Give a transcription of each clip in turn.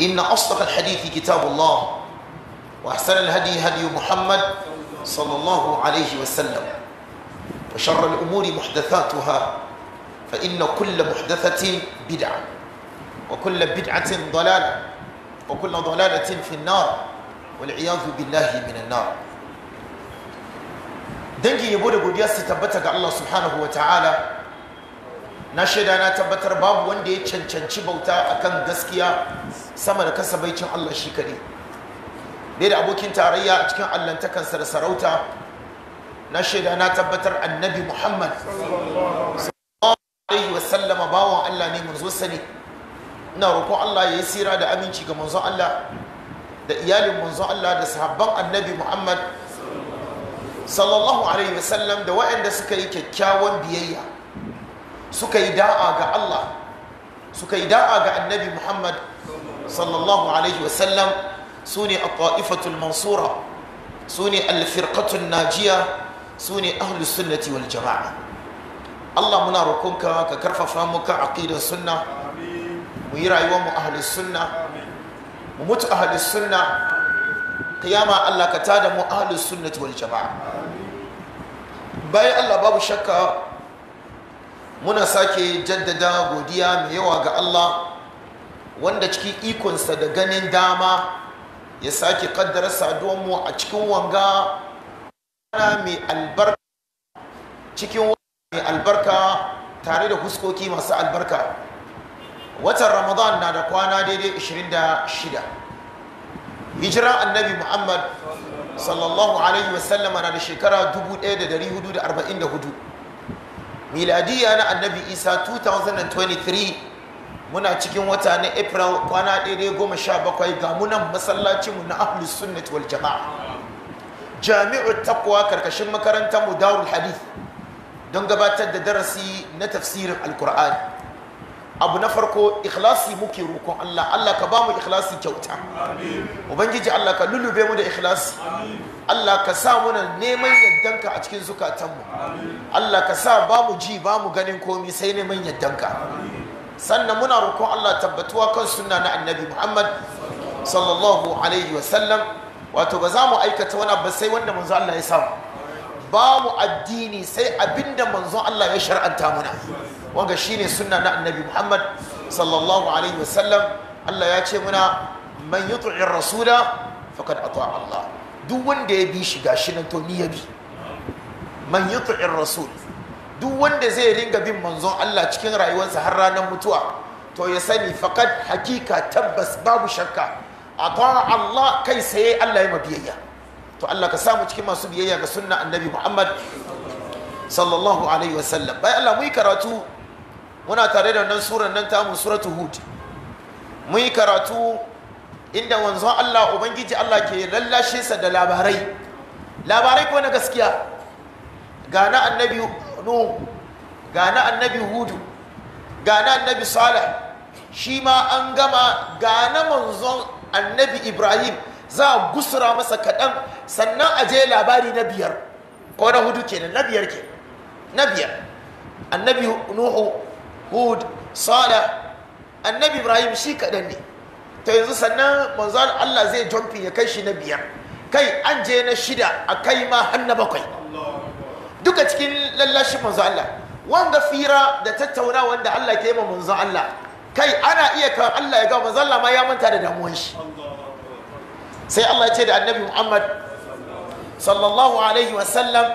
إن أصدق الحديث كتاب الله وأحسن الهدي هدي محمد صلى الله عليه وسلم وشر الأمور محدثاتها فإن كل محدثة بدعة وكل بدعة ضلالة وكل ضلالة في النار والعياذ بالله من النار دنجي yabo da godiya الله سبحانه وتعالى na shaida na tabbatar babu wanda ya cancanci bauta akan gaskiya sama da kasabaicin Allah shi kare dai da abokin tarayya a cikin allantakansa da sarauta na shaida na tabbatar annabi muhammad alaihi wasallama bawan Allah ne zo sani ina roƙon Allah ya yi sira da aminci ga manzon Allah da iyalin manzon Allah da sahabban annabi Muhammad sallallahu alaihi wasallam da waɗanda suka yi kyakkyawan biyayya suka yi da'a ga Allah suka yi da'a ga annabi Muhammad sallallahu alaihi wasallam su ne a ta'ifatul mansura su ne alfirkatun najiya su ne ahlus sunnati wal jama'a Allah muna rukunka ka karfafa muka aqidar sunna mu yi rayuwar mu ahlus sunna mu mutu ahlus sunna kiyama Allah ka tada mu ahlus sunnati wal jama'a bayan Allah babu shakka muna sake jaddada godiya mai yawa ga Allah wanda cikin ikonsa da ganin dama ya sake kaddara saduwanmu a cikin wanga albarka cikin mai albarka tare da huskoki masu albarka watan ramadan na da kwana daidai 26 hijira annabi muhammad sallallahu alaihi wasallama na da shekara 1444 miladiya na annabi isa 2023 muna cikin wata na april kwana daidai goma sha bakwai ga munan masallacinmu na ahlus sunnat wal jama'a jami'u takwa karkashin makarantar mu darul hadith don gabatar da darasi na tafsirin alkur'ani abu na farko ikhlasi muke roƙon Allah Allah ka ba mu ikhlasi kyauta ubangiji Allah ka lulube mu da ikhlasi Allah ka sa muna neman yaddanka a cikin zukatanmu Allah ka sa ba mu ji ba mu ganin komi sai neman yaddanka sannan muna roƙon Allah tabbatuwa kan sunna na annabi Muhammad sallallahu alaihi wa sallam wato ba za mu aikata wani abu sai wanda manzo Allah ya samu ba mu addini sai abinda manzo Allah ya shar'anta muna wanga ne suna na annabi muhammad sallallahu alaihi wasallam allah ya ce muna man yi da rasula a tuwa allah duk wanda ya bi shi gashi nan to ni ya bi man tu'in rasul duk wanda zai ringa bin manzon allah cikin rayuwarsa har ranar mutuwa to ya sani faqad hakika tabbas babu shakka tuwa allah kai sai allah ya mabiyayya to allah ka samu cikin masu biyayya ga sunna annabi muhammad sallallahu alaihi wasallam bai allah mu yi karatu muna tare da wannan surar nan tamu suratu hud mun yi karatu inda wanzon Allah ubangiji Allah ke lallashe sa da labarai labarai ko na gaskiya ga na annabi nuhu ga na annabi hudu ga na annabi salih shi ma an gama ga na manzon annabi ibrahim za a gusura masa kaɗan sannan a je labari na biyar ko na hudu kenan na biyar ke, na biyar annabi nuhu hud sada annabi ibrahim shi kaɗan ne ta yanzu sannan manzon allah zai jomfi ya kai shi na biyar kai an je na shida a kai ma har na bakwai duka cikin lallashin manzon allah wanga fira da tattauna wanda allah ke ma manzon allah kai ana iya kan allah ya ga manzon allah ma ya manta da damuwan shi sai allah ya ce da annabi muhammad sallallahu alaihi wasallam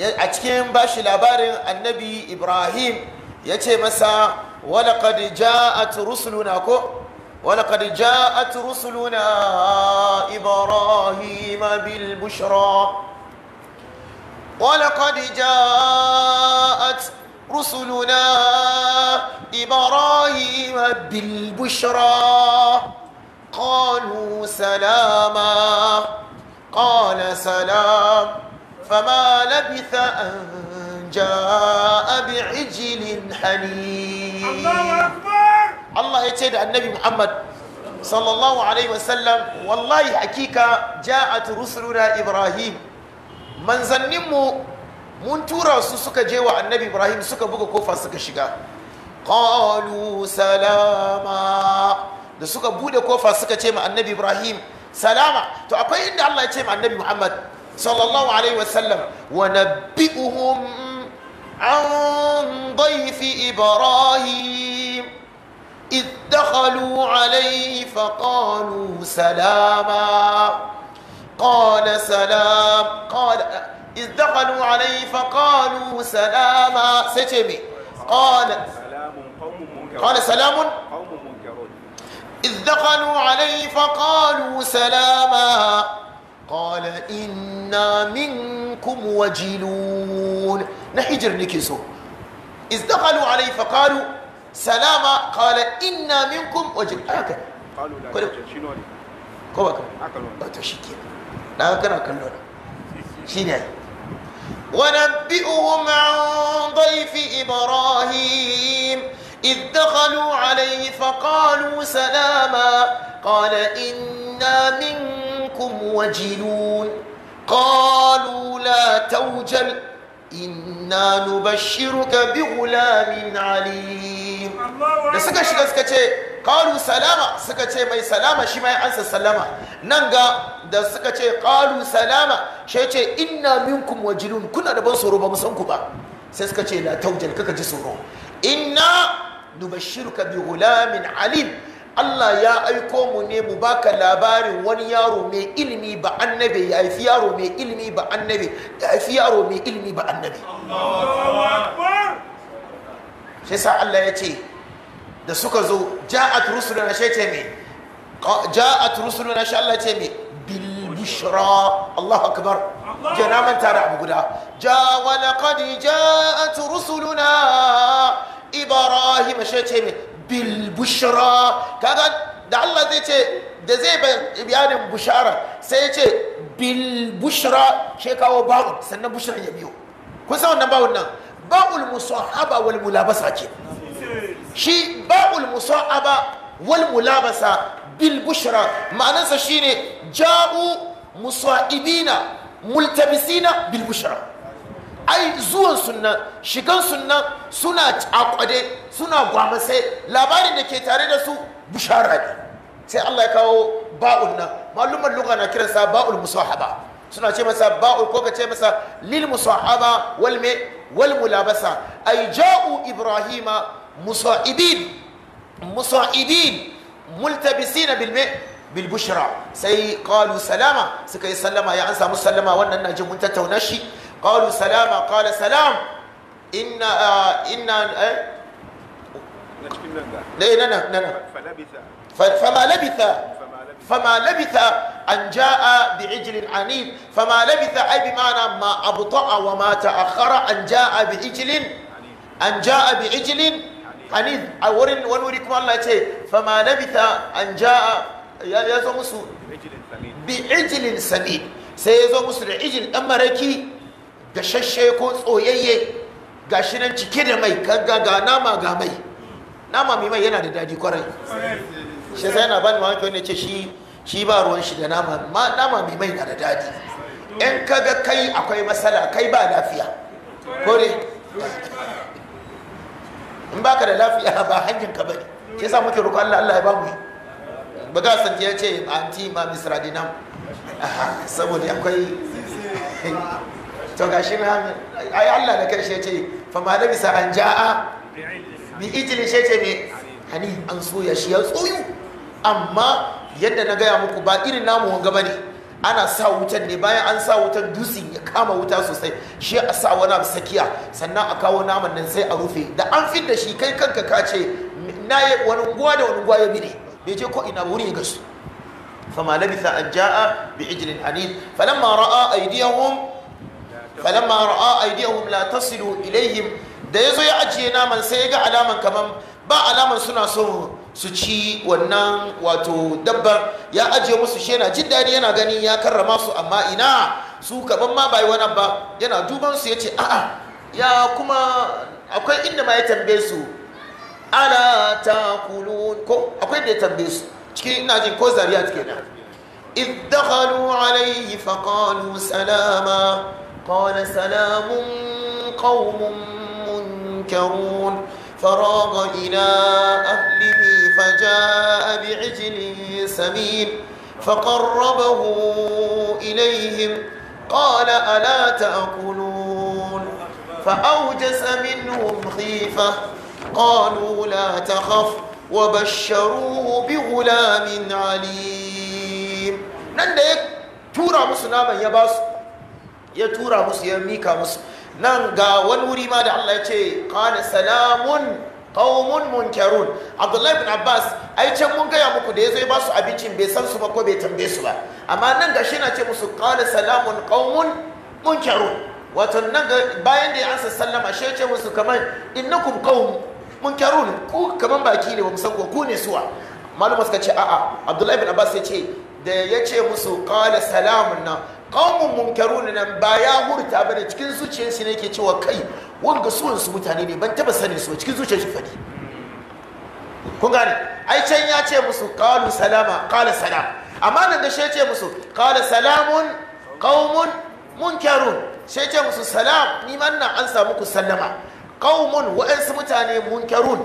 a cikin bashi labarin annabi ibrahim ya ce masa walaƙad ja'at rusuluna ko walaƙad ja'at rusuluna ibrahim bil bushra ولقد جاءت رسلنا إبراهيم بالبشرى قالوا سلاما قال سلام فما لبث أن جاء بعجل حنين الله أكبر الله يتدى النبي محمد صلى الله عليه وسلم والله حقيقة جاءت رسلنا إبراهيم من ظنمه mun tura su suka je wa annabi ibrahim suka buga kofa suka shiga qalu salama da suka bude kofa suka ce ma annabi ibrahim salama to akwai inda allah ya ce ma annabi muhammad صلى الله عليه وسلم ونبئهم عن ضيف إبراهيم إذ دخلوا عليه فقالوا سلاما قال سلام قال إذ دخلوا عليه فقالوا سلاما سجمي قال قال سلام قوم منكرون إذ دخلوا عليه فقالوا سلاما قال إنا منكم وجلون نحجر نكسو إذ دخلوا عليه فقالوا سلاما قال إنا منكم وجل هكا قالوا لا شنو كما كان تشكي لا كان كلون شنو ونبئهم عن ضيف إبراهيم إذ دخلوا عليه فقالوا سلاما قال إنا منكم وجلون قالوا لا توجل إنا نبشرك بغلام عليم da suka shiga suka ce kalu salama suka ce mai salama shi mai ansa salama nan ga da suka ce kalu salama shi ce inna minkum wajilun kuna da ban tsoro ba mu san ku ba sai suka ce la ji tsoro inna nubashiruka bi gulamin alim Allah ya aiko mu ne mu baka labarin wani yaro mai ilimi ba annabi ya haifi yaro mai ilimi ba annabi ya haifi yaro mai ilimi ba annabi shi sa Allah ya ce da suka zo ja'at rusuluna shi ce me ja'at rusuluna shi Allah ya ce me bil bushra Allahu akbar jana manta da abu guda ja wa laqad ja'at rusuluna ibrahim shi ce mai da Allah zai ce da zai bayanin bushara sai ya ce bil bushra shi kawo sannan bushra ya biyo kun san wannan ba'un nan ba'ul musahaba wal mulabasa ce shi ba'ul musahaba wal mulabasa bil bushra ma'anarsa shine ja'u musa'ibina multabisina bil bushra ai zuwan sunna shigan sunna suna akwade suna gwamasai labarin da ke tare da su bushara ne sai Allah ya kawo ba'un nan malumar lugha na kiransa ba'ul musahaba suna ce masa ba'ul ko ka ce masa lil musahaba wal me wal mulabasa ay ja'u ibrahima musaibin musaibin multabisina bil me بالبشرى yi sallama ya سكي سلما sallama. Wannan na وانا mun tattauna shi. قالوا سلاما قال سلام إن إن لا لا لا فما لبث فما لبث أن جاء بعجل عنيد فما لبث أي بمعنى ما أبطأ وما تأخر أن جاء بعجل أن جاء بعجل عنيد أورن ونوريكم الله يتي فما لبث أن جاء يا يا بعجل سمين بعجل سمين سيزو مسر عجل أمركي gashashe ko tsoyayye ga shi nan cike da mai kaga ga nama ga mai nama mai mai yana da daɗi kwarai shi sai na bani mamaki ne ce shi ba ruwan shi da nama nama mai mai na da daɗi in kaga kai akwai matsala kai ba lafiya kore in baka da lafiya ba hanyar ka bane ke yasa muke roƙon Allah Allah ya bamu ba ga san ya ce anti ma misradinam saboda akwai to shi na ai Allah da karshe ce fa ma labisa an jaa bi ijli shi yace ne hani an soya shi ya tsoyu amma yadda na gaya muku ba irin namu wanga bane ana sa wutan ne bayan an sa wutar dusi ya kama wuta sosai shi a sa wani abu sakiya sannan a kawo naman nan sai a rufe da an fit da shi kai kanka ka ce na yi wani guwa da wani guwa ya ne. bai je ko ina wuri ya gasu Fa labisa an ja'a bi ijlin hanid falamma ra'a falamma ra'a aydihum la tasilu ilaihim da yazo ya ajiye naman sai ya ga alaman kaman ba alaman suna so su ci wannan wato dabbar ya ajiye musu shi yana jin daɗi yana gani ya karrama su amma ina su kaban ma bai wani ba yana duban su yace a'a ya kuma akwai inda ma ya tambaye su ala taqulun ko akwai da ya tambaye su cikin ina jin ko zariyat kenan da dakhalu alayhi faqalu salama قال سلام قوم منكرون فراغ إلى أهله فجاء بعجل سمين فقربه إليهم قال ألا تأكلون فأوجس منهم خيفة قالوا لا تخف وبشروه بغلام عليم نندك تورا مسلما يباسو ya tura musu ya mika musu nan ga wani wuri ma da Allah ya ce kana salamun qaumun munkarun Abdullahi bin Abbas ai can mun gaya muku da yazo ya ba su abincin bai san su ba ko bai tambaye su ba amma nan ga shi na ce musu kana salamun qaumun munkarun wato nan ga, bayan da ya ansa sallama shi ya ce musu kamar innakum qaum munkarun ku kamar baki ne ba mu ku ne suwa malama suka ce a'a Abdullahi bin Abbas ya ce da ya ce musu kana salamun nan munkaru ne nan ba ya hurta da cikin zuciyarsu ne ke cewa kai wanga suwan su mutane ne ban taba sanin su cikin zuciyarsu shi fadi kun gane ai can ya ce musu 'Kalu salama qala salam amma nan da shi ya ce musu qala salamun kawunmun munkaru shi ya ce musu salam ni man nan an samu ku sallama kawunmun wa'ansu mutane munkaru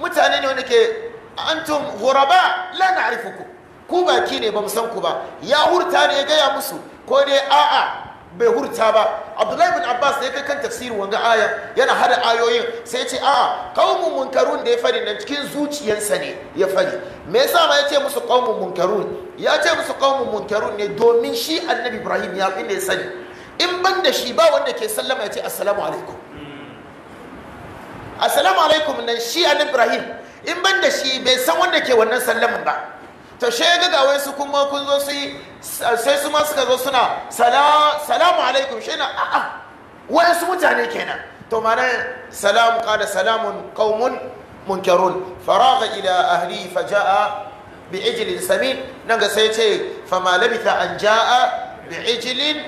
mutane ne wanda ke antum ghuraba la na'rifukum ku baki ne ba mu san ku ba ya hurta ne ya gaya musu ko dai a'a bai hurta ba abdullahi bin abbas da ya kai kan tafsirin wanga aya yana hada ayoyin sai ce a'a qaumun munkarun da ya fari nan cikin zuciyarsa ne ya fari me yasa ma ya ce musu qaumun munkarun ya ce musu qaumun munkarun ne domin shi annabi ibrahim ya fi ne sani in ban da shi ba wanda ke sallama ya ce assalamu alaikum assalamu alaikum nan shi annabi ibrahim in ban da shi bai san wanda ke wannan sallaman ba ta shega ga wai su kuma kun zo su sai su ma suka zo suna salamu alaikum shi na a'a wai su mutane kenan to mana salamu kada salamun qaumun munkarun faraga ila ahli faja'a bi ijlin samin nan ga sai ce fa ma labitha an ja'a bi ijlin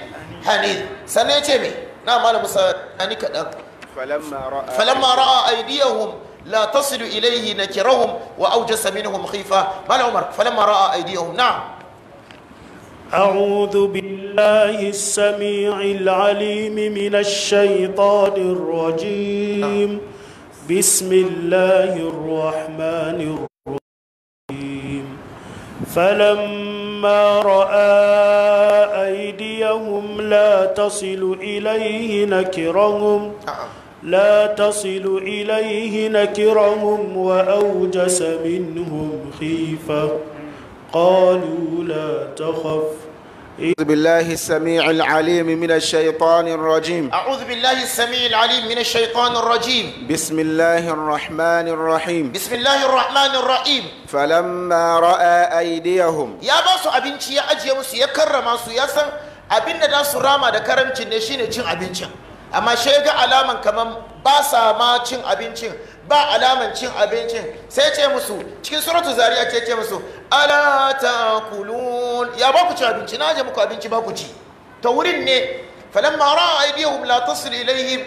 hanid sannan ce me na malamu sa ani kadan falamma ra'a falamma ra'a aydiyahum لا تصل إليه نكرهم وأوجس منهم خيفة ما العمر فلما رأى أيديهم نعم أعوذ بالله السميع العليم من الشيطان الرجيم بسم الله الرحمن الرحيم فلما رأى أيديهم لا تصل إليه نكرهم نعم. لا تصل إليه نكرهم وأوجس منهم خيفة قالوا لا تخف أعوذ بالله السميع العليم من الشيطان الرجيم أعوذ بالله السميع العليم من الشيطان الرجيم بسم الله الرحمن الرحيم بسم الله الرحمن الرحيم فلما رأى أيديهم يا باسو أبنتي يا أجي يا كرم يا سن أبن دا سرامة دا كرمتي نشين أبنتي amma shega alaman kamar ba sa ma cin abincin ba alaman cin abincin sai ce musu cikin suratu zariya ce ce musu ala kulun ya ba ku ci abinci na je muku abinci ba ku ci Ta wurin ne ma ra'a aydihum la tasil ilayhim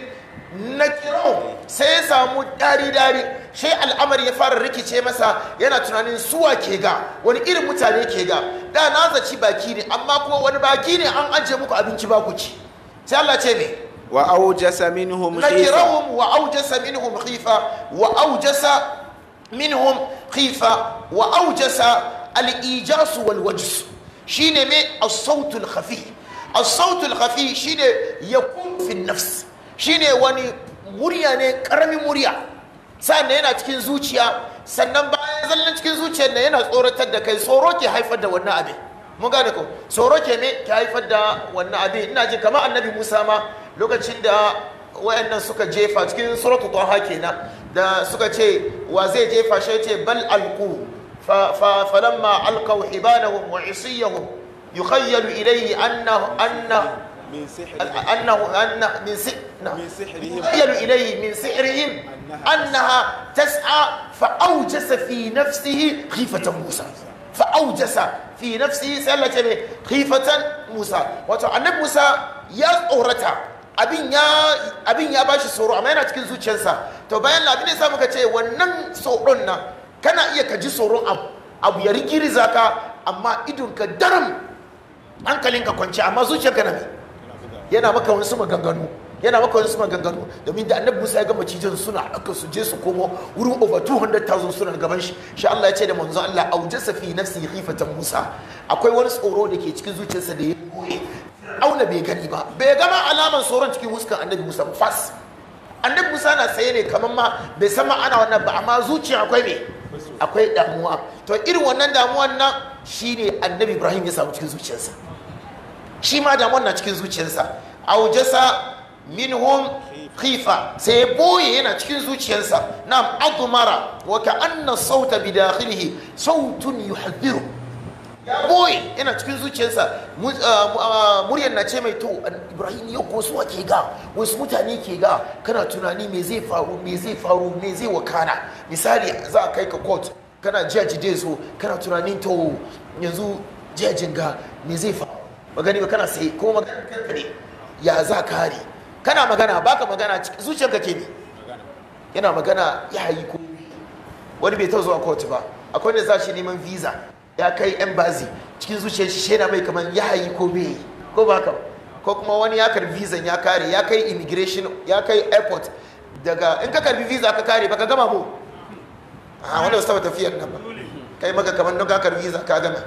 na kiro sai ya samu dari-dari shi al'amari ya fara rikice masa yana tunanin suwa ke ga wani irin mutane ke ga da na zaci baki ne amma kuma wani baki ne an ajiye muku abinci ba ku ci sai Allah ce mai wa aujasa minhum khifa nakirahum wa aujasa minhum khifa wa aujasa minhum khifa wa aujasa al-ijasu wal wajs shine me as-sautul khafi as-sautul wani murya ne karamin murya sannan yana cikin zuciya sannan bayan zallan cikin zuciyar na yana tsoratar da kai tsoro ke haifar da wannan abin mun gane ko tsoro ke me ke haifar da wannan abin ina jin kamar annabi Musa ma lokacin da wayannan suka jefa cikin suratu taha kenan da suka ce wa zai jefa shi ce bal alqu fa falamma alqaw hibalahum wa isiyahum yukhayyalu ilayhi annahu annahu من سحرهم أنه أنه من سحرهم يخيل إليه من سحرهم أنها تسعى فأوجس في نفسه خيفة موسى فأوجس في نفسه سألت خيفة موسى وتعنب موسى abin ya ba shi bashi tsoro amma yana cikin zuciyarsa to bayan labi abin ya sa muka ce wannan tsoron na kana iya ka ji tsoron abu abu ya za ka amma idonka daram hankalinka kwanci amma zuciyarka na yana maka wani suma ganganu yana maka wani suma ganganu domin da annabi musa ya gama cijin suna aka su je su komo wurin over 200,000 suna gaban shi sha Allah ya ce da manzo Allah a aujasa safi nafsi khifatan musa akwai wani tsoro da ke cikin zuciyarsa da ya koye auna bai gani ba bai gama alaman tsoron cikin huskan annabi musa fas annabi musa na tsaye ne kamar ma bai san ana wannan ba amma zuciya akwai me akwai damuwa to irin wannan damuwan nan shine annabi ibrahim ya samu cikin zuciyarsa shi ma damuwan na cikin zuciyarsa aujasa minhum khifa sai boye yana cikin zuciyarsa na adumara wa ka'anna sauta bi sautun yuhadhiru ya boye yana cikin zuciyarsa ah, ah, muryar na ce mai to ibrahim yau ko suwa ke ga wasu mutane ke ga kana tunani me zai faru me zai faru me zai wakana misali za a kai ka court kana jaji dai so kana tunanin to yanzu jajin ga me zai faru magani ba kana sai ko magana kanka ya za kare kana magana baka magana zuciyarka ke ne yana magana ya yi ko wani bai ta zuwa court ba akwai da za shi neman visa ya kai yan bazi cikin zuciyar shi shaida mai kamar ya hayi ko bai ko ba ka ko kuma wani ya karbi visa ya kare ya kai immigration ya kai airport daga in ka karbi visa ka kare baka gama mu a ah, wanda wasu tafiyar nan ba kai maka kamar don ka karbi visa ka gama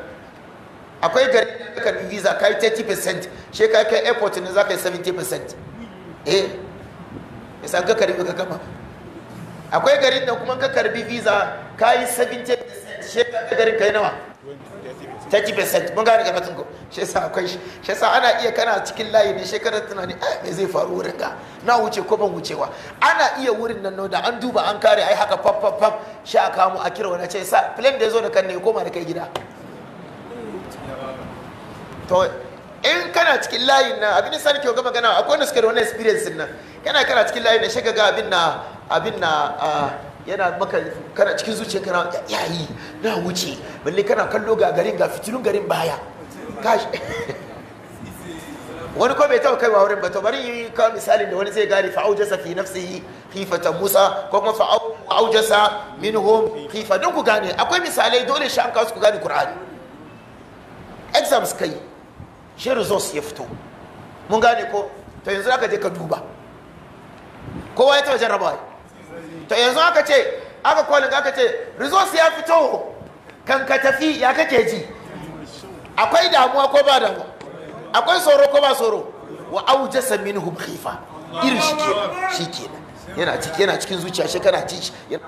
akwai gari ka karbi visa ka yi 30% shi ka kai airport ne za ka yi 70% eh yasa ka karbi ka gama akwai garin da kuma ka karbi visa ka yi 70% she ka garin ka yi nawa 30% mun gane karfatin ko shi yasa akwai shi shi yasa ana iya kana cikin layi ne shekarar tunani eh me zai faru wurin ga na wuce ko ban wucewa ana iya wurin nan da an duba an kare ai haka fap fap fap shi a kamo a kira wani ce sa plane da zo da kan ne koma da kai gida to in kana cikin layin nan abin da ke ga magana akwai wanda suka da wannan experience nan kana kana cikin layin da shi ga abin na abin na ah, yana maka kana cikin zuciya kana yayi na wuce balle kana kallo ga garin ga fitilun garin baya kashi wani ko bai taɓa kai wa wurin ba to bari yi ka misalin da wani zai gane fa aujasa fi nafsihi khifatan musa ko kuma fa aujasa minhum khifa don ku gane akwai misalai dole shi an kawo ku gane qur'ani exams kai shi results ya fito mun gane ko to yanzu aka je ka duba kowa ya taɓa jarrabawa to yanzu aka ce aka kolin aka ce resource ya fito kan ka tafi ya kake ji akwai damuwa ko ba damuwa akwai tsoro ko ba tsoro wa aujasa minhum khifa irin shi ke shi ke yana ciki yana cikin zuciya shi kana ci shi yana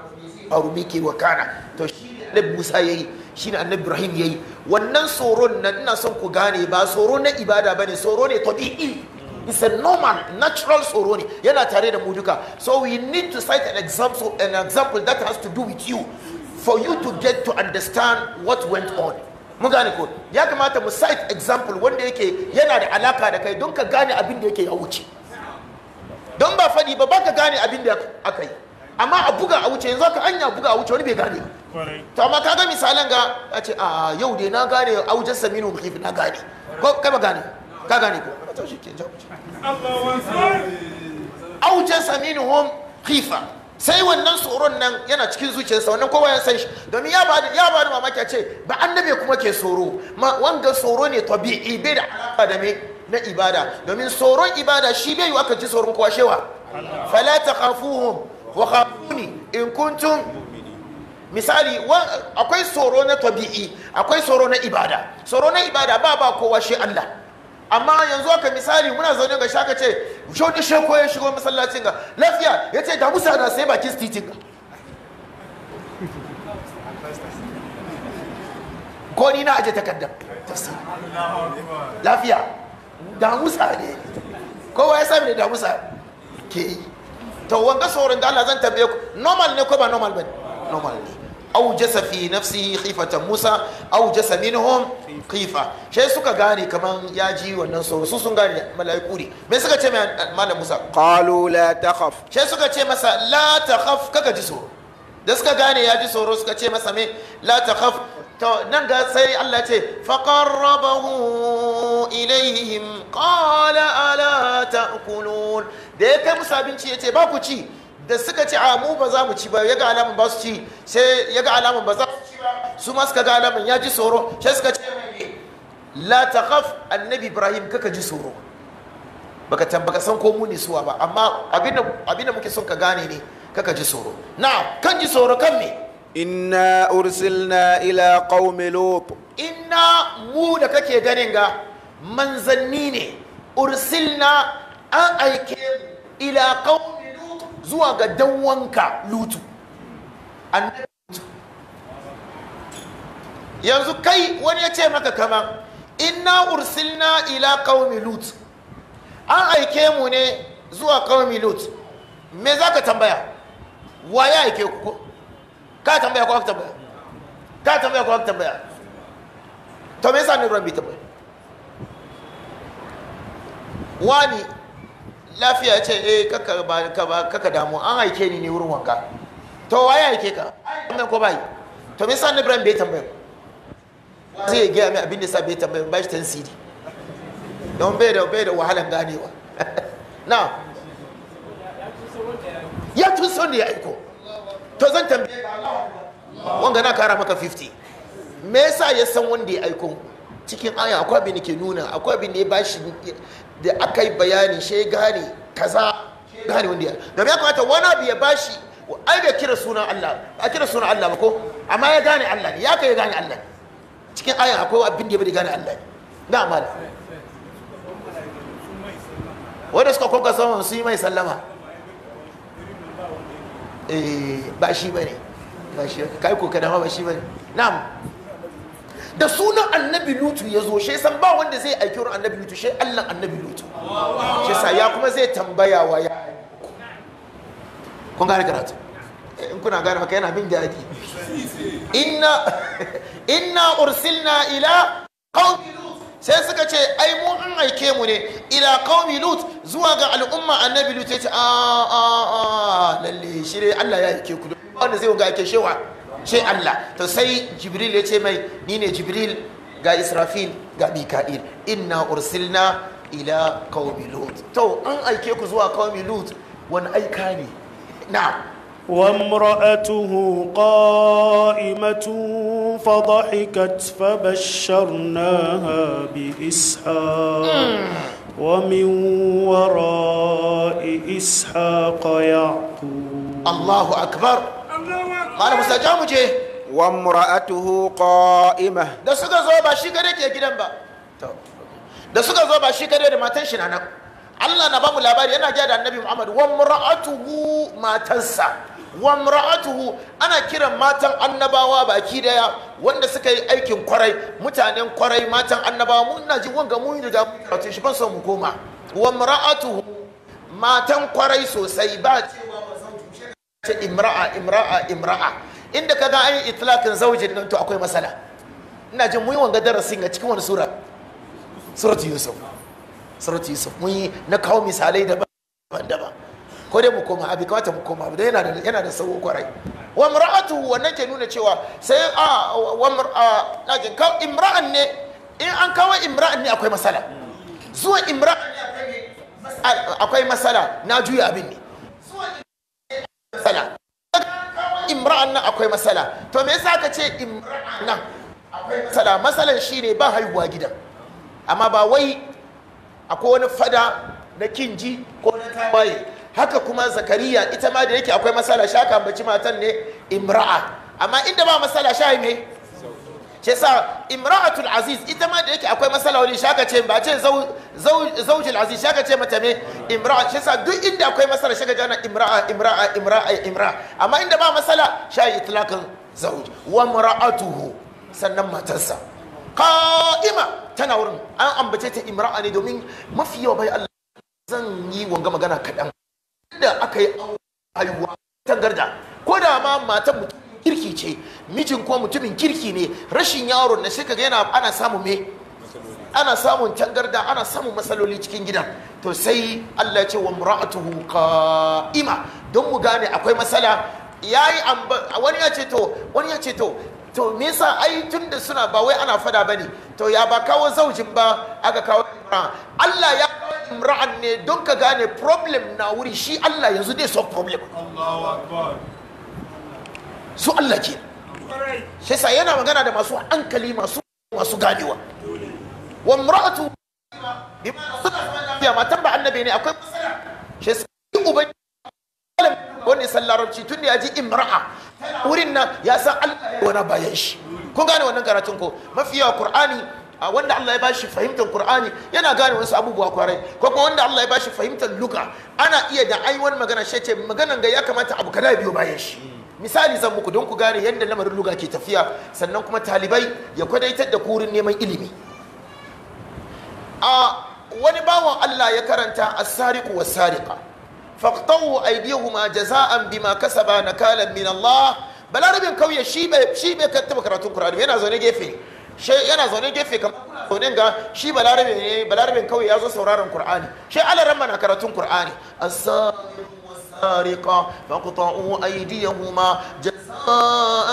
faru me ke kana to shi annabi Musa yayi shi ne annabi Ibrahim yayi wannan tsoron nan ina son ku gane ba tsoro na ibada bane tsoro ne tabi'i it's a normal natural sorrow ne yana tare da mu duka so we need to cite an example an example that has to do with you for you to get to understand what went on mun gane ko ya kamata mu cite example wanda yake yana da alaka da kai don ka gane abin da yake ya wuce don ba faɗi ba baka gane abin da aka yi amma a buga a wuce yanzu ka anya buga a wuce wani bai gane to amma kaga misalan ga a ce a ah, yau dai na gane aujar saminu khifi na gane ko kai ba gane ka gane ko to shi ke jawo auje saminhum khifa sai wannan tsoron nan yana cikin zuciyarsa wannan kowa ya san shi domin ya ba ya ba ma ya ce ba annabi kuma ke tsoro wanda tsoro ne tabi'i bai da alaka da me na ibada domin tsoron ibada shi bai yi aka ji tsoron kowa shewa fala takhafuhum wa khafuni in kuntum misali akwai tsoro na tabi'i akwai tsoro na ibada tsoro na ibada ba ba kowa shi Allah amma yanzu aka misali muna zaune ga shaka ce shauki shako ya shigo masallacin ga lafiya ya ce da musa na sai bakin titin ga ko ni na aje takardar lafiya musa ne kowa ya sami da musa ke yi to wanga saurin da Allah zan tambaye ku normal ne ko ba normal ba normal ne au jasa fi nafsihi khifatan musa au jasa minhum khifa sai suka gane kaman ya ji wannan sauro su sun gane mala'iku ne me suka ce malam musa qalu la takhaf sai suka ce masa la takhaf kaka ji sauro da suka gane ya ji sauro suka ce masa me la takhaf to nan ga sai Allah ya ce faqarrabahu ilaihim qala ala ta'kulun da ya kai musu abinci ba ku ci da suka ci a mu ba za mu ci ba ya ga alamun ba su ci sai ya ga alamun ba za su ci ba su ma suka ga alamun ya ji tsoro sai suka ce mai la taqaf annabi ibrahim kaka ji tsoro baka tambaka san ko mu ne suwa ba amma abin da muke son ka gane ne kaka ji tsoro na kan ji tsoro kan me inna ursilna ila qaumi lut inna mu da kake ganin ga manzanni ne ursilna an aike ila qaumi zuwa ga danwanka lutu annabi lutu yanzu kai wani ya ce maka kama inna ursilna ila qaumi lutu an aike mu ne zuwa qaumi lutu, me za ka tambaya wa ya aike ku ka tambaya ko ka tambaya ka tambaya ko ka tambaya to me sa ne rabbi tambaya wani lafiya ce eh kaka ba kaka damu an haike ni ne wurin wanka to waye haike ka amma ko bai to me san Ibrahim bai tambaya zai ga mai abin da sa bai tambaya ba shi tansiri don bai da bai da wahalan ganewa na ya tun son ne ya aiko to zan tambaye wanga na kara maka 50 me yasa ya san wanda ya aiko cikin aya akwai abin da ke nuna akwai abin da ya bashi da aka yi bayani shi gane kaza gane wanda ya da ya kamata wani abu ya bashi ai da kira sunan Allah A kira sunan Allah ba ko amma ya gane Allah ya ka ya gane Allah cikin ayan akwai abin da ya bari gane Allah ne na amana wanda suka kwakwa sama su yi mai sallama eh, ba shi ne ba shi kai ko kada ma ba shi bane na'am da sunan annabi lutu ya zo shi san ba wanda zai aiki wurin annabi lutu shi allah annabi lutu shi sa ya kuma zai tambaya wa ya kun gane karatu eh, in kuna gane maka yana bin daɗi inna inna ursilna ila qaumi sai suka ce ai mu an aike mu ne ila qaumi lut zuwa ga al'umma annabi lut ya ce a ah, a ah, a ah, lalle shi Allah ya aike ku wanda zai ga aike shewa ce Allah to sai Jibril ya ce mai ni ne Jibril ga Israfil ga Mika'il inna ursilna ila qaumi Lut to an aike ku zuwa qaumi Lut wani aika ne na وامرأته قائمة فضحكت فبشرناها بإسحاق ومن وراء إسحاق يعقوب الله أكبر malam musa ja mu je wa mura'atuhu qa'imah da suka zo ba shi gare ke gidan ba da suka zo ba shi gare da matan shi na nan Allah na bamu labari yana gaya da annabi Muhammad wa mura'atuhu matansa wa mura'atuhu ana kiran matan annabawa baki daya wanda suka yi aikin kwarai mutanen kwarai matan annabawa mun na ji wanga mun da mu shi ban son mu koma wa mura'atuhu matan kwarai sosai ba cewa ce imra'a imra'a imra'a inda kaga an yi itlaqin zaujin nan to akwai masala ina jin mun wanga darasin ga cikin wani sura suratu yusuf suratu yusuf mun na kawo misalai da daban-daban ko dai mu koma abi kawata mu koma abi yana da yana da sawo kwarai wa mar'atu wannan ke nuna cewa sai a wa mar'a na jin kawo imra'an ne in an kawo imra'an ne akwai masala zuwa imra'an ne akwai masala na juya abin ne matsala imra'an nan akwai matsala to me yasa ka ce imra'an nan akwai matsala matsalan shine ba haihuwa gida, amma ba wai akwai wani fada na kinji ko na tawaye haka kuma zakariya ita ma da yake akwai matsala shaka ambaci matan ne imra'a amma inda ba matsala sha me shi yasa imra'atul aziz ita ma da yake akwai masaloli shaka ce ba ce zaujil aziz shaka ce mata me imra'a shi yasa duk inda akwai masala shaka jana imra'a imra'a imra'a imra'a amma inda ba masala sha itlaqan zauj wa mar'atuhu sannan matarsa qa'ima tana wurin an ambace ta imra'a ne domin mafi yawa bai Allah zan yi wanga magana kaɗan da aka yi haihuwa tangarda ko da ma matan mutum kirki ce mijin ko mutumin kirki ne rashin yaron na sai kaga yana ana samun me ana samun tangarda ana samun matsaloli cikin gidan to sai Allah ce wa mura'atuhu qa'ima don mu gane akwai matsala yayi wani ya ce to wani ya ce to to me yasa ai tunda suna ba wai ana fada bane to ya ba kawo zaujin ba aka kawo imran Allah ya kawo imran ne don ka gane problem na wuri shi Allah yanzu dai so problem Allahu akbar su Allah ke shi sa yana magana da masu hankali masu masu ganewa wa imra'atu bi ma suna lafiya matan ba annabi ne akwai matsala shi sa uban wani sallarabci tun da ya ji imra'a wurin nan ya san Allah wani bayan shi kun gane wannan karatun ko mafi yawa qur'ani wanda Allah ya bashi fahimtar Qur'ani yana gane wasu abubuwa kwarai ko kuma wanda Allah ya bashi fahimtar luka ana iya da ai wani magana shi ce maganan ga ya kamata abu kada biyo bayan shi misali zan muku don ku gane yadda lamarin luga ke tafiya sannan kuma talibai ya kwadaitar da kurin neman ilimi a wani bawan Allah ya karanta as-sariqu was-sariqa faqtawu aydihuma jaza'an bima kasaba nakalan min Allah balarabin kauye shi bai shi bai kattaba karatun Qur'ani yana zaune gefe she yana zaune gefe kamar zaune ga shi balarabin ne balarabin kauye ya zo sauraron Qur'ani she alaran mana karatun Kur'ani. as الفارقة فاقطعوا أيديهما جزاء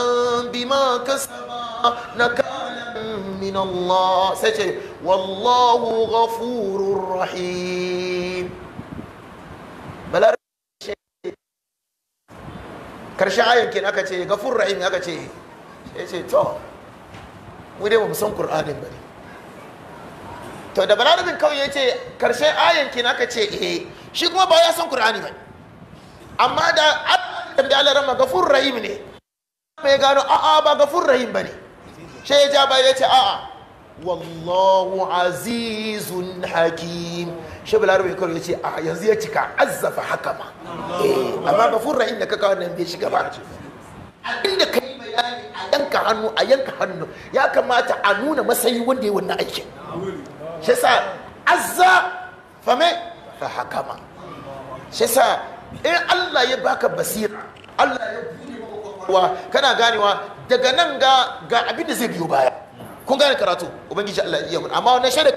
بما كسبا نكالا من الله سجل والله غفور رحيم ayan aka ce gafur rahim aka ce sai ce to mu dai ba mu san qur'anin ba ne to da balarabin kawai ya ce karshen ayan kin aka ce eh shi kuma ba ya san qur'ani ba ne amma da Allah da Allah rama gafur rahim ne mai gano a'a ba gafur rahim bane shi ya ja baya yace a'a wallahu azizun hakim shi balarabe kawai ya ce a yanzu ya cika azzafa hakama eh, amma gafur rahim da ka kawo nan bai shiga ba inda ka yi bayani a yanka hannu a yanka hannu ya kamata a nuna masayi wanda ya wannan aikin shi sa azza fame fa hakama shi sa in Allah ya baka basira Allah ya bude maka kana ganewa daga nan ga ga abin da zai biyo baya kun gane karatu ubangiji Allah yi mun amma wannan shaida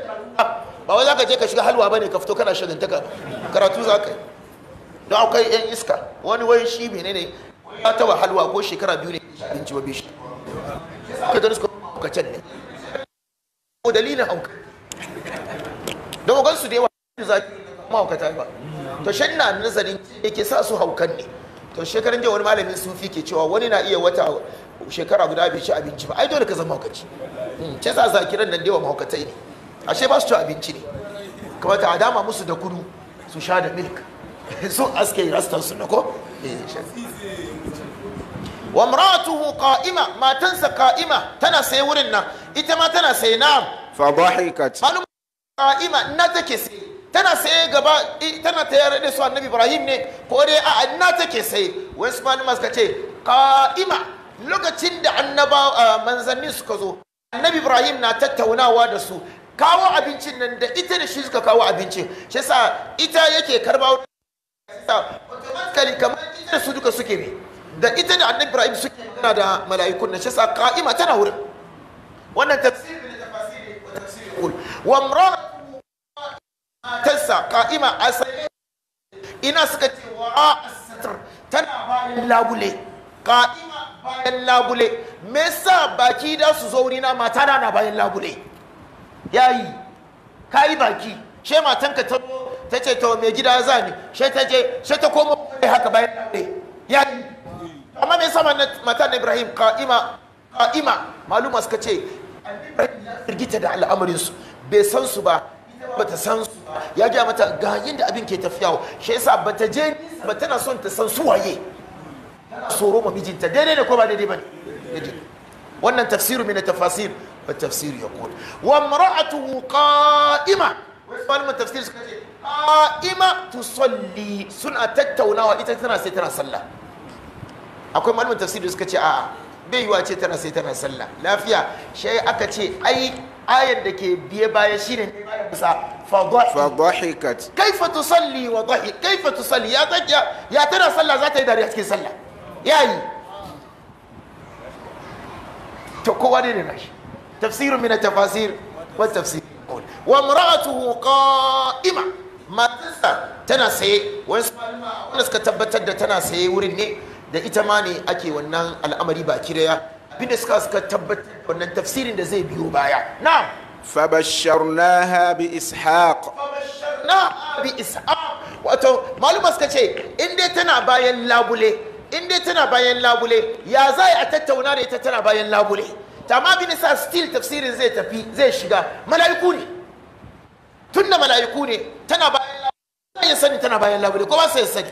ba wai zaka je ka shiga halwa bane ka fito kana shagantaka karatu zaka yi don akwai yan iska wani wani shi menene ya taba halwa ko shekara biyu ne ci ba bishi ka da suka hukacen ne ko dalilin hauka don gansu da yawa zaki mahaukata ba to shan na nazarin yake sa su haukan ne to shekaran jiya wani malamin sufi ke cewa wani na iya wata shekara guda bai ci abinci ba ai dole ka zama haukaci ce hmm, sa kiran nan dewa mahaukatai ne ashe ba su ci abinci ne kamar ta dama musu da kudu su sha da milk sun aske rastan su na ko eh, wa maratuhu qa'ima matansa qa'ima tana sai wurin nan ita ma tana sai na'am fa dhahikat qa'ima na take sai tana saye gaba tana tayar da su annabi ibrahim ne ko dai a anna take saye su mani suka ce qa'ima lokacin da annaba manzanni suka zo annabi ibrahim na tattaunawa da su kawo abincin nan da ita da shi suka kawo abincin shi yasa ita yake karba automatically kamar ita da su duka suke bi da ita da annabi ibrahim suke tana da mala'ikun nan shi yasa qa'ima tana wurin wannan tafsiri ne tafsiri wa imra'at matarsa ka'ima a sai ina suka ce wara asatar tana bayan labule ka'ima bayan labule me sa baki da su zo wurina matana na bayan labule yayi yi baki she matanka ta ta ce to mai gida za ni she ta je she ta koma haka bayan labule yayi amma me sa matan Ibrahim ka'ima ka'ima maluma suka ce Ibrahim ya firgita da al'amarin su bai san su ba bata san su ya gaya mata ga yadda abin ke tafiya shi yasa bata je ba tana son ta san su waye tsoro ma mijinta daidai ne ko ba daidai ba ne wannan tafsiru min tafasir Ba wa tafsir yaqul wa imra'atuhu qa'ima malamin tafsir suka ce Ka'ima tu solli. suna tattaunawa ita tana sai tana sallah akwai malamin tafsir da suka ce a'a bai yiwa ce tana sai tana sallah lafiya shi aka ce ai ayar da ke biye baya shine bisa fadhahikat kaifa tusalli wa dhahik kaifa tusalli ya zaka ya tana sallah za ta yi dariya cikin sallah yayi to kowa ne ne nashi tafsirun min tafasir wa tafsir wa imra'atuhu qa'ima matarsa tana saye wani wanda suka tabbatar da tana saye wurin ne da ita ma ne ake wannan al'amari ba kiraya abinda suka suka tabbatar wannan tafsirin da zai biyo baya na'am fabasharnaha bi ishaq fabasharnaha bi ishaq wato maluma suka ce in dai tana bayan labule in dai tana bayan labule ya za a tattauna da ita tana bayan labule Ta ma bin sa still tafsirin zai tafi zai shiga mala'iku ne Tun da mala'iku ne tana bayan labule sai ya sani tana bayan labule ko ba sai ya sani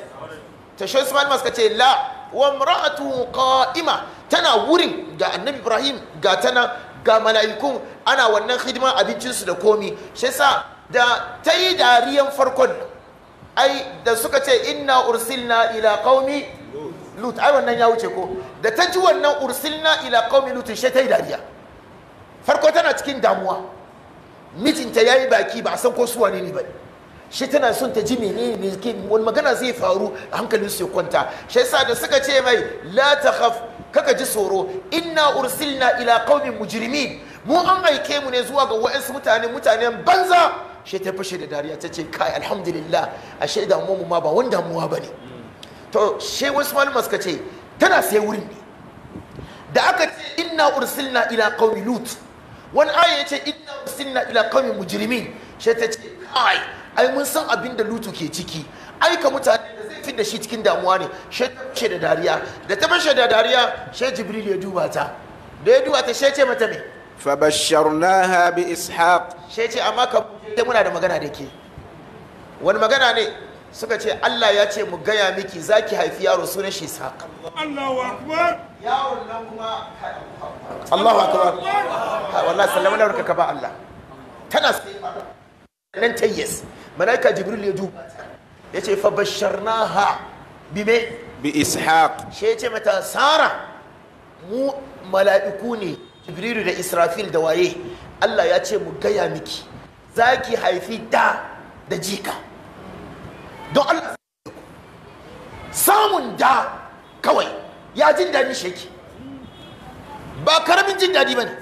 tashin su maluma suka ce la wa mra'atu qa'ima tana wurin ga annabi ibrahim ga tana ga mala'ikun ana wannan hidima abincinsu da komi shi yasa da ta yi dariyan farkon ai da suka ce inna ursilna ila qaumi lut ai wannan ya wuce ko da ta ji wannan ursilna ila qaumi lut shi ta yi dariya farko tana cikin damuwa mijinta yayi baki ba a san ko su wane ne ba shi tana son ta ji menene ne ke wani magana zai faru a hankalin su kwanta shi yasa da suka ce mai la takhaf kaka ji tsoro inna ursilna ila qaumin mujrimin mu an aike mu ne zuwa ga wa'ansu mutane mutanen banza shi ta fashe da dariya ta ce kai alhamdulillah shi da mu ma ba wani damuwa bane to shi wasu malama suka ce tana sai wurin ne da aka ce inna ursilna ila qaumi lut wani aya ya ce inna ursilna ila qaumi mujrimin shi ta ce kai ai mun san abin da lutu ke ciki Ai ka mutane da zai fi da shi cikin damuwa ne she ce da dariya da ta bashe da dariya she jibril ya duba ta da ya duba ta she ce mata me fabasharnaha bi ishaq she ce amma ka ta muna da magana da ke wani magana ne suka ce Allah ya ce mu gaya miki zaki haifi yaro sunan shi ishaq Allahu akbar yaron nan kuma Allahu akbar wallahi sallama da ka ba Allah tana sai nan tayyis malaika jibril ya duba ya ce fabasharnaha bime bi ishaq shi ya ce mata sara mu mala'iku ne jibrilu da israfil da waye allah ya ce mu gaya miki za ki haifi da da jika don allah samun da kawai ya jin daɗin sheki ba karamin jin daɗi ba ne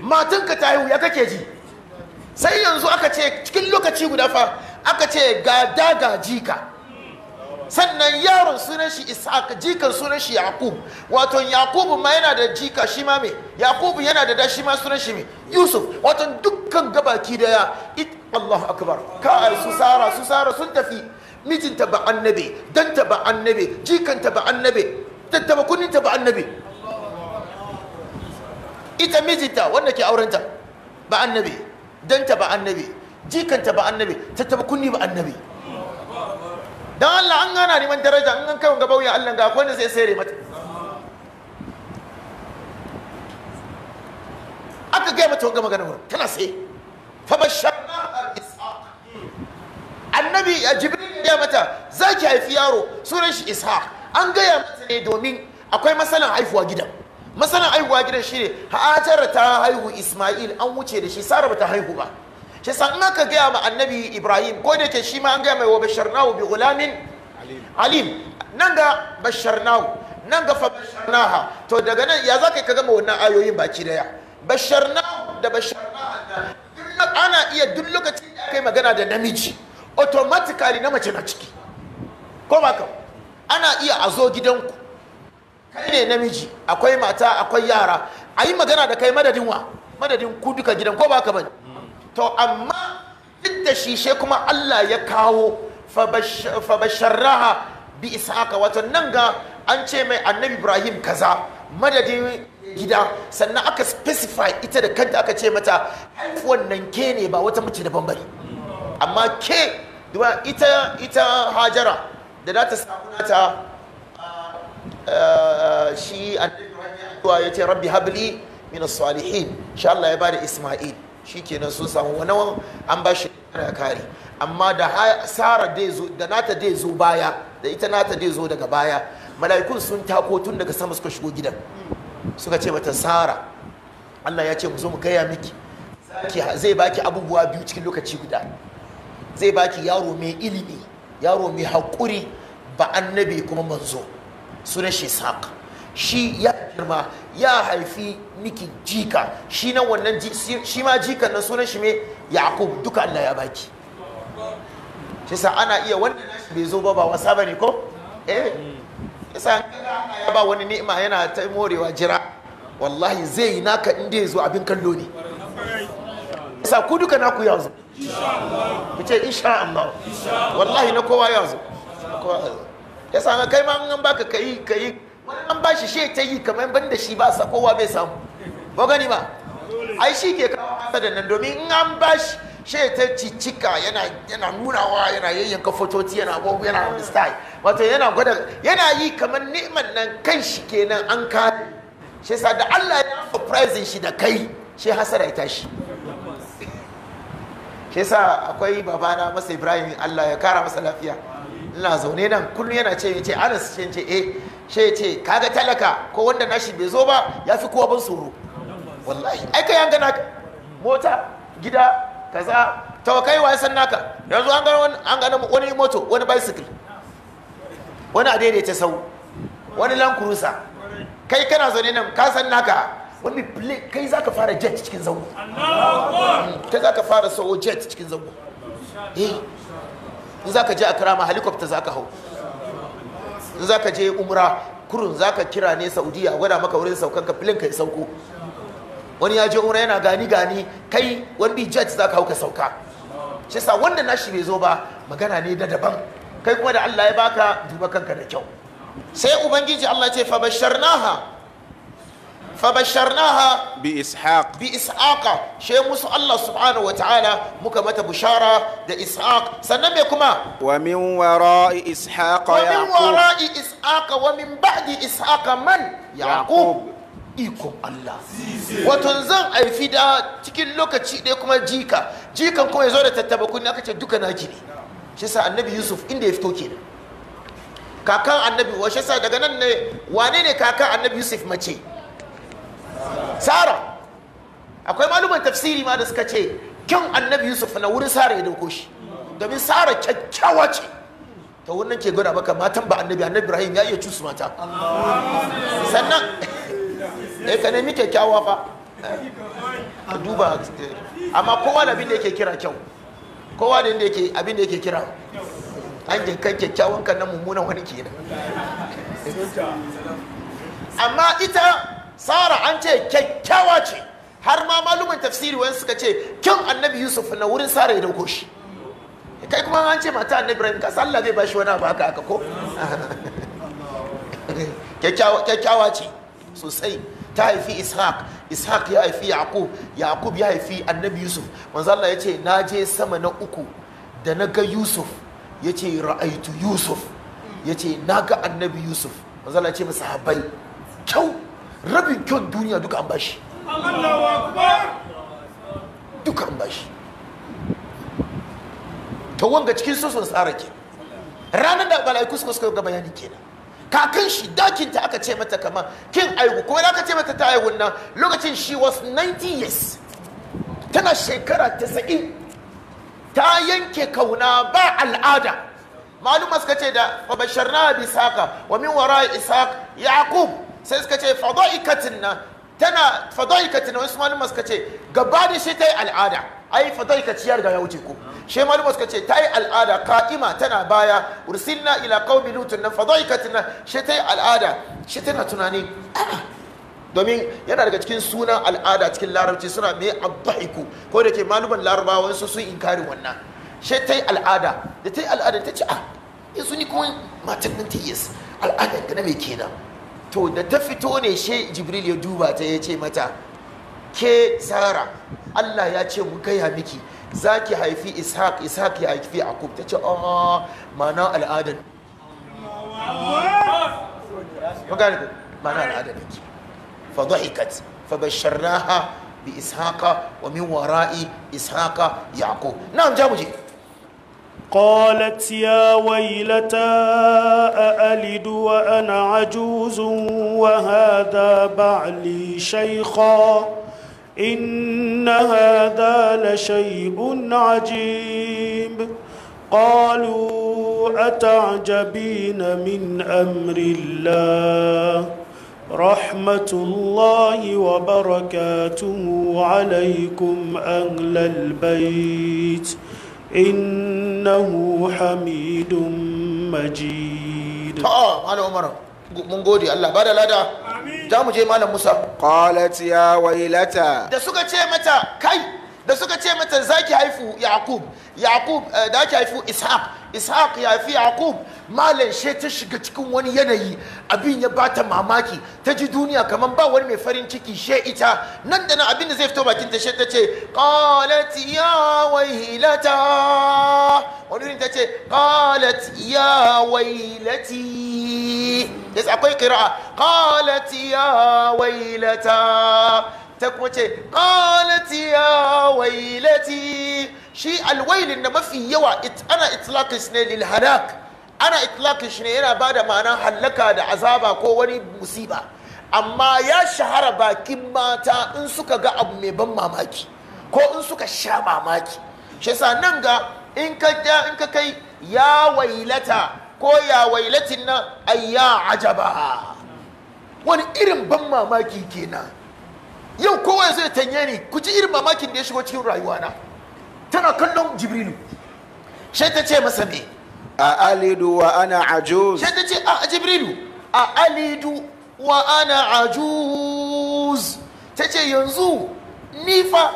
matanka ta haihu ya kake ji sai yanzu aka ce cikin lokaci guda fa aka ce ga daga jika sannan yaron sunan shi ishaq jikan sunan shi yaqub wato yaqub ma yana da jika shi ma me yaqub yana da da ma sunan shi me yusuf wato dukkan gabaki daya Allahu akbar ka su sara su sara sun tafi mijinta ba annabi danta ba annabi jikanta ba annabi tattaba kuninta ba annabi ita mijinta wanda ke aurenta ba annabi danta ba annabi jikanta ba annabi ta taba kunni ba annabi dan Allah an gana neman daraja an an kai ga bauya Allah ga akwai da zai sere mata aka gaya mata wanga magana wurin tana sai fa basharna ishaq annabi jibril ya mata zaki haifi yaro sunan shi ishaq an gaya mata ne domin akwai masalan haifuwa gidan masana aihuwa gidan shi ne hajar ta haihu ismail an wuce da shi sara ba ta haihu ba shi san in aka gaya ma annabi ibrahim ko da ke shi ma an gaya mai wa basharnahu bi gulamin alim nan ga basharnahu nan ga fa to daga nan ya zaka ka gama wannan ayoyin baki daya basharnahu da basharnaha ana iya duk lokacin da aka yi magana da namiji automatically na mace na ciki ko ba ka ana iya a zo gidanku kai ne namiji akwai mata akwai yara a yi magana da kai madadin wa madadin ku duka gidan ko baka bane to amma duk da shishe kuma Allah ya kawo fa basharraha bi ishaqa wato nan ga an ce mai annabi Ibrahim kaza madadin gida sannan aka specify ita da kanta aka ce mata wannan ke ne ba wata mace daban bane amma ke ita ita hajara da za ta samu nata shi addu'a ya ce rabbi habli min salihin insha Allah ya bada Isma'il Shi kenan sun samu wani an ba shi kare amma da Sara dai da nata dai zo baya da ita nata dai zo daga baya mala'ikun sun tako tun daga sama suka shigo gidan suka ce mata Sara Allah ya ce mu zo mu gaya miki zai baki abubuwa biyu cikin lokaci guda zai baki yaro mai ilimi yaro mai haƙuri ba annabi kuma manzo su shi saq shi ya girma ya haifi miki jika shi nan wannan shi ma jikan na sunan shi me yaqub duka Allah ya baki shi sa ana iya wannan nashi bai zo ba ba wasa bane ko eh yasa ya ba wani ni'ima yana ta morewa jira wallahi zai yi naka inda ya zo abin kallo ne isa ku duka naku ya zo ku ce insha Allah wallahi na kowa ya zo kowa ya zo ya sami kai ma an baka kayi kayi an ba shi shi ta yi kamar ban shi ba sa kowa bai samu ba gani ba ai shi ke kawo hasadan nan domin in an ba shi shi ta cicika yana nunawa yana yayyanka fototi yana gogo yana style wato yana gwada yana yi kamar neman nan kan shi kenan an kare shi sa da Allah ya surprise shi da kai shi hasara ya tashi shi sa akwai babana masa Ibrahim Allah ya kara masa lafiya ina zaune nan kullum yana ce yace Anas ce yace eh ce, yace kaga talaka ko wanda nashi bai zo ba ya fi kowa ban tsoro wallahi ai kai an gana mota gida kaza tawakai wa san naka yanzu an gano an gano wani moto wani bicycle wani a ta sau wani land cruiser kai kana zaune nan ka san naka wani kai zaka fara jet cikin zango kai zaka fara sawo jet cikin zango eh in za ka je a karama helicopter za ka hau in za ka je umra kurun za ka kira ne saudiya gwada maka wurin saukan ka filin ka ya sauko wani ya je umra yana gani gani kai wani jet za ka hau ka sauka shi sa wannan nashi bai zo ba magana ne da daban kai kuma da allah ya baka duba kanka da kyau sai ubangiji allah ce fa basharnaha فبشرناها بإسحاق بإسحاق شيء موسى الله سبحانه وتعالى مكمة بشارة ده إسحاق سنم يكما ومن وراء إسحاق ومن وراء إسحاق ومن بعد إسحاق من يعقوب ikon Allah wato zan aifi da cikin lokaci ɗaya kuma jika jikan kuma ya zo da tattaba kunni aka ce duka naki ne shi sa annabi yusuf inda ya fito kenan kakan annabi wa shi sa daga nan ne wane ne kakan annabi yusuf mace sara akwai maluman tafsiri ma da suka ce kyan annabi yusuf na wurin sara ya dauko shi domin sara kyakkyawa ce ta wurin ke gwada maka matan ba annabi annabi ibrahim ya iya cusu mata sannan ya eh, ka nemi kyakkyawa fa eh, ka duba eh, amma kowa da abin da yake kira kyau kowa da yake abin da yake kira an jinkan kyakkyawan kan na mummunan wani kenan amma ita sara an ce kyakkyawa ce har ma malumin tafsiri wani suka ce kyan annabi yusuf na wurin sara ya dauko shi kai kuma an ce mata annabi ibrahim ka Allah zai bashi wani abu haka haka ko kyakkyawa ce sosai ta haifi ishaq ishaq ya haifi yaqub yaqub ya haifi annabi yusuf manzo Allah ya na je sama na uku da na ga yusuf ya ce ra'aitu yusuf ya ce na ga annabi yusuf manzo Allah ya ce habai kyau rabin kyan duniya duka an bashi duka an bashi ta wanga cikin sosan tsara ke ranar da mala'iku suka suka ga bayani kenan kakan shi dakinta aka ce mata kama kin aiki kuma da aka ce mata ta aihu nan lokacin she was 90 years tana shekara ta 90 ta yanke kauna ba al'ada maluma suka ce da fa basharna saka wa min wara isaac yaqub sai suka ce fadaikatin nan tana fadaikatin wasu malumma suka ce gabani shi ta yi al'ada ai fadaikaciyar ga ya wuce ku. shi malumma suka ce ta yi al'ada ka'ima tana baya ursilna ila qaumi lutun nan fadaikatin nan shi ta yi al'ada shi tana tunani domin yana daga cikin sunan al'ada cikin larabci suna mai abba'iku ko da ke maluman larabawa su sun inkari wannan shi ta yi al'ada da ta yi al'ada ta ce a ah, yanzu ni kuma matan nan ta yi Al'ada ka na mai kenan to da ta fito ne she jibril ya duba ta ya ce mata ke zara allah ya ce mu gaya miki za ki haifi ishaq ishaq ya haifi akub ta ce oh mana al'adar mana al'adar Fa ke fadahikat fabasharnaha bi ishaqa wa min wara'i ishaqa yaqub na jamu je قالت يا ويلتى أألد وأنا عجوز وهذا بعلي شيخا إن هذا لشيء عجيب قالوا أتعجبين من أمر الله رحمة الله وبركاته عليكم أهل البيت innahu hamidun majid to malam umar mun gode Allah ba da lada za mu je malam Musa qalat ya wailata da suka ce mata kai da suka ce mata za ki haifu yaqub yaqub eh, da ki haifu ishaq ishaq ya fi yaqub malam she ta shiga cikin wani yanayi abin ya bata mamaki ta ji duniya kamar ba wani mai farin ciki she ita nan da nan abin da zai fito bakin ta she ta ce qalat ya wailata wani irin ta ce qalat ya wailati yes akwai qira'a qalat ya wailata ta kuma ce ƙalati ya wailati shi alwailin na mafi yawa ana itlaqish ne lil ana itlaqish ne yana ba da ma'anar hallaka da azaba ko wani musiba amma ya shahara bakin mata in suka ga abu mai ban mamaki ko in suka sha mamaki shi sa nan ga in ka kai ya wailata ko ya wailatin nan ayya ajaba wani irin ban mamaki kenan yau kowa zai tanye ni ku ji irin mamakin da ya shigo cikin rayuwana tana kallon jibrilu shai ta ce masa me a alidu wa ana ajuz shai ta ce a jibrilu a alidu wa ana ajuz ta ce yanzu ni fa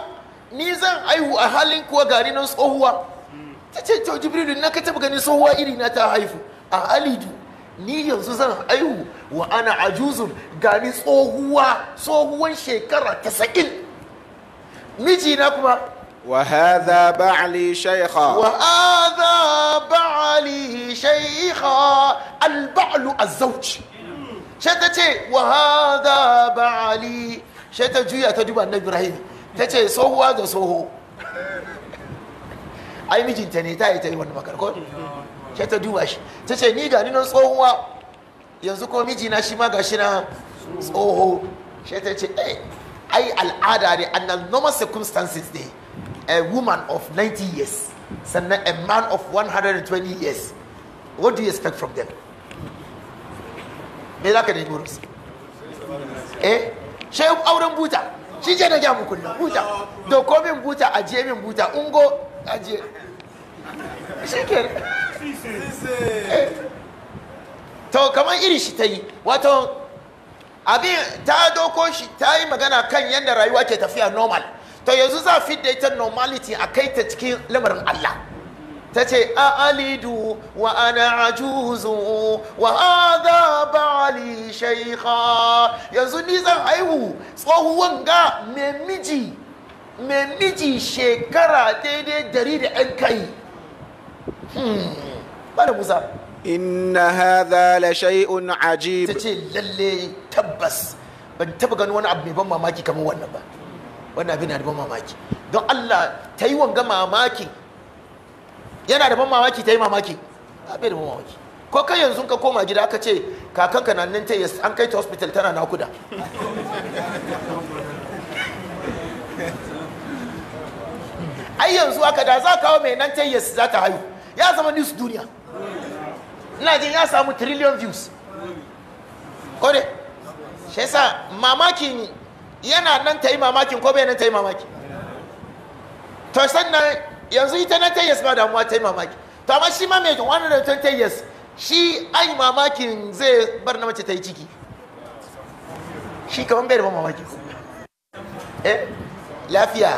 ni zan aihu a halin kuwa gari nan tsohuwa ta ce to jibrilu na ka taba ganin tsohuwa iri na ta haifu a alidu ni yanzu zan haihu wa ana ajuzun gani tsohuwa tsohuwan shekara ta sakin mijina kuma wa hadha ba'li shaikha wa haza ba'li shaykha al ba'lu az-zawj ta ce wa hadha ba'li shi ta juya ta duba na ibrahim ta ce tsohuwa da tsoho ai mijinta ne ta yi ta yi wani makarkon sai ta duba shi ta ce ni ga ni na tsohuwa yanzu ko na shi ma gashi na tsoho sai ta ce eh ai al'ada ne annan normal circumstances ne a woman of 90 years sannan a man of 120 years what do you expect from them me za ka nemi wurinsu eh sai auren buta shi je na gyamu kullum buta Dokomin buta a min buta ungo ajiye shi ke to kamar iri shi ta yi wato abin ta doko shi ta yi magana kan yadda rayuwa ke tafiya normal to yanzu za fi da ita normality a kai ta cikin lamarin Allah ta ce a alidu wa ana ajuzu wa hadha ba'ali shaykha yanzu ni zan haihu tsohuwan ga mai miji mai miji shekara daidai dari da 'yan kai bada musa inna hadha la shay'un ajib tace lalle tabbas ban taba ganin wani abu mai ban mamaki kamar wannan ba wannan abin na da ban mamaki don Allah ta yi wanga mamaki yana da ban mamaki ta yi mamaki abin da ban mamaki ko kai yanzu ka koma gida aka ce kakanka na nan ta an kai ta hospital tana nakuda ai yanzu aka da za kawo mai nan ta za ta haihu ya zama news duniya ina jin ya samu trillion views ko ne shi yasa mamaki yana nan ta yi mamakin ko bai nan ta yi mamaki to sannan yanzu ita nan tayyas yi ba damuwa ta yi mamaki to amma shi ma mai 120 years shi ai mamakin zai bar na mace ta yi ciki shi kamar bai da mamaki eh lafiya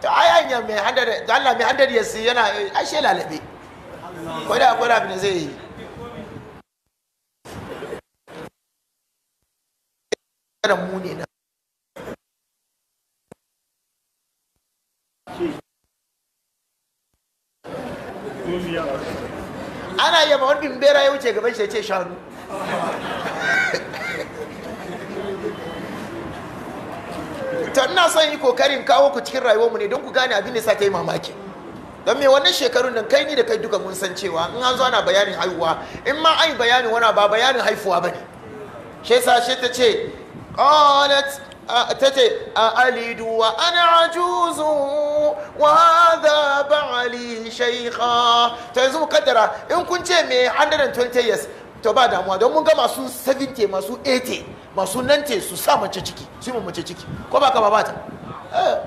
to ai anya mai 100 Allah mai 100 yasi yana ashe lalabe ko da akwai abin da zai yi ana yaba wani bera ya wuce gaban shi ce shanu ta ina son yi kokarin kawo ku cikin rayuwarmu ne don ku gane abin da sa ta yi mamaki don me wannan shekarun nan kai ni da kai duka mun san cewa in an zo ana bayanin haihuwa in ma ai bayanin wana ba bayanin haifuwa ba ne shi yasa shi ta ce qalat ta ce a alidu wa ana ajuzu wa hadha ba'ali shaykha to yanzu kaddara in kun ce me 120 years to ba damuwa don mun ga masu 70 masu 80 masu 90 su sa mace ciki su yi mace ciki ko ba ka babata eh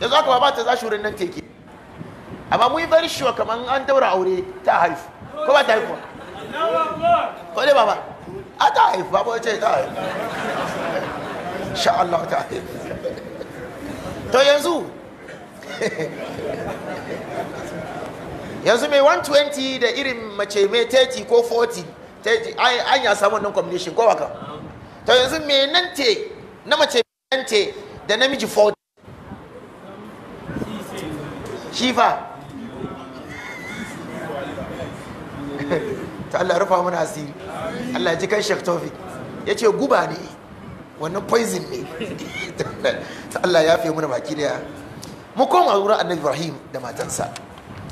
yanzu aka babata za shi wurin nan teke amma mu yi very sure kamar an daura aure ta haifu ko ba ta haifu ko dai baba a ta haifu ba ko ce ta haifu sha'allah ta haifu to yanzu yanzu mai 120 da irin mace mai 30 ko 40 an ya samu nan combination ko baka to yanzu mai nan te na mace mai nan te da namiji 40 shifa ta Allah rufa mana asiri Allah ji kan Sheikh Tawfiq yace guba ne wannan poison ne ta Allah ya fi mana baki da mu koma wurin Annabi Ibrahim da matansa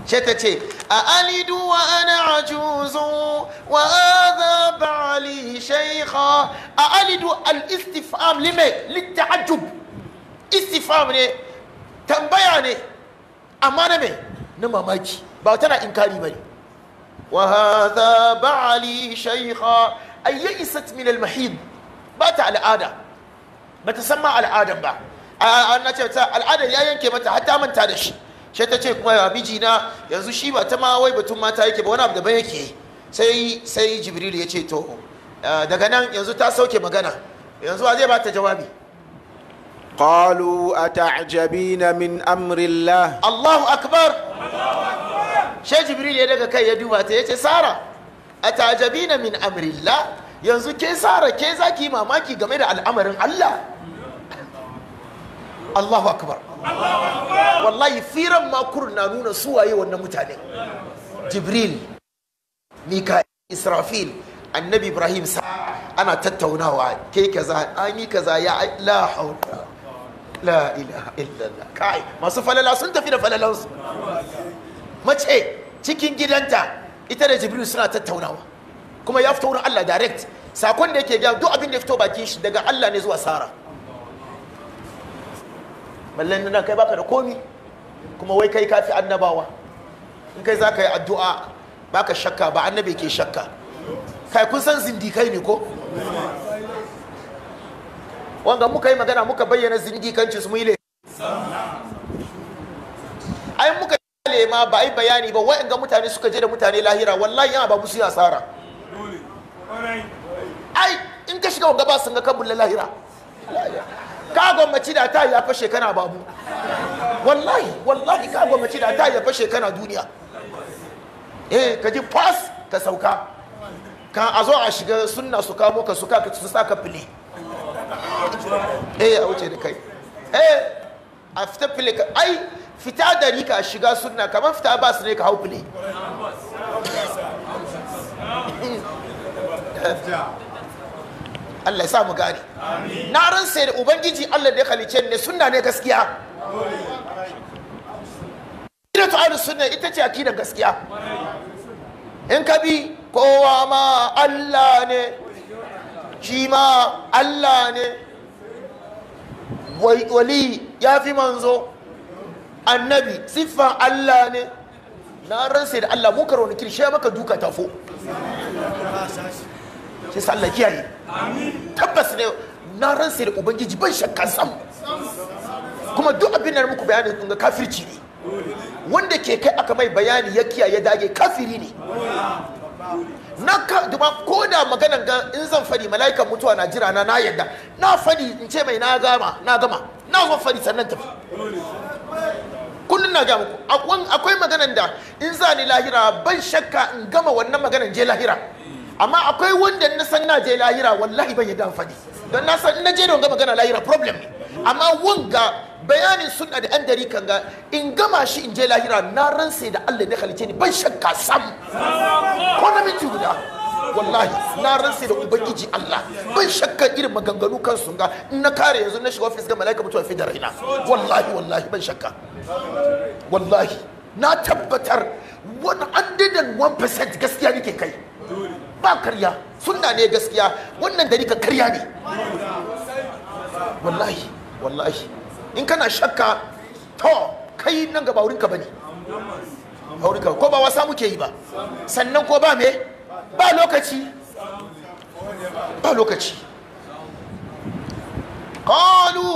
ce ta ce a alidu wa ana ajuzu wa hadha ba'li shaykha a alidu al-istifham lime litta'ajjub istifham ne tambaya ne amma na me na mamaki ba tana inkari bane وهذا بعلي شيخا أي يئست من المحيض بات العادة بتسمى العادة با أنا تبتا العادة يا ينكي متى حتى من تادش shi ta ce kuma mijina yanzu shi ba ta ma wai batun mata yake ba wani abu da bai yake sai sai jibril ya ce to daga nan yanzu ta sauke magana yanzu wa zai ba ta jawabi qalu atajabina min amrillah allahu akbar allahu akbar she jibril ya daga kai ya duba ta ce, sara na min amrillah yanzu ke sara ke zaki mamaki game da al'amarin Allah Allahu akbar wallahi firan makur na nuna suwaye wannan mutane jibril mika israfil annabi ibrahim sa ana tattaunawa ke kaza an yi kaza ya la haula la ilaha illallah kai masu falala sun tafi da falalansu mace cikin gidanta ita da jibril suna tattaunawa kuma ya fito wurin Allah direct sakon da yake biya duk abin da ya fito bakin shi daga Allah ne zuwa Sara mallan nan kai baka da komi kuma wai kai kafi annabawa in kai zaka yi addu'a baka shakka ba annabi ke shakka kai kun san zindikai ne ko wanga muka yi magana muka bayyana zindikancin su mu yi ai muka kyale ma ba yi bayani ba wa'anga mutane suka je da mutane lahira wallahi yana ba musu asara ai in ka shiga gaba sun ga kabul lahira ka gwammaci da ta ya fashe kana babu wallahi wallahi ka gwammaci da ta ya fashe kana duniya eh ka ji pass ka sauka Ka a zo a shiga sunna su kamo ka suka ka su saka fili eh a wuce da kai eh a fita fili ka ai fita da rika shiga sunna kamar fita ba su ne ka hau fili Allah ya sa mu gane na ran sai da ubangiji Allah da ya halice ne sunna ne gaskiya Ina ta ahlus sunna ita ce akidar gaskiya in ka bi kowa ma Allah ne shi ma Allah ne wali ya fi manzo annabi siffan Allah ne na ran sai da Allah muka karo nikir maka duka tafo shi sallah kiyaye tabbas ne na ran sai da ubangiji ban shakkan sam kuma duk abin da muku bayani kun ga kafirci ne wanda ke kai aka mai bayani ya kiyaye dage kafiri ne na ka duba ko da maganan ga in zan fadi mala'ikan mutuwa na jira na na yadda na fadi in ce mai na gama na gama na zo fari sannan tafi kullum na ga muku akwai maganan da in za ni lahira ban shakka in gama wannan maganan je lahira amma akwai wanda na san na je lahira wallahi ban yadda faɗi don na san na je don gama gana lahira problem ne amma wanga bayanin sunna da yan dari kan ga in gama shi in je lahira na ransa da Allah ne halice ni ban shakka sam ko na minti guda wallahi na ransa da ubangiji Allah ban shakka irin maganganu kan sun ga in na kare yanzu na shiga ofis ga malaika mutuwa fi da raina wallahi wallahi ban shakka wallahi na tabbatar 101% gaskiya nake kai ba karya sunna ne gaskiya wannan da nika karya ne wallahi wallahi in kana shakka to kai nan gaba wurinka bane ko ba wasa muke yi ba sannan ko ba me ba lokaci ba lokaci قالوا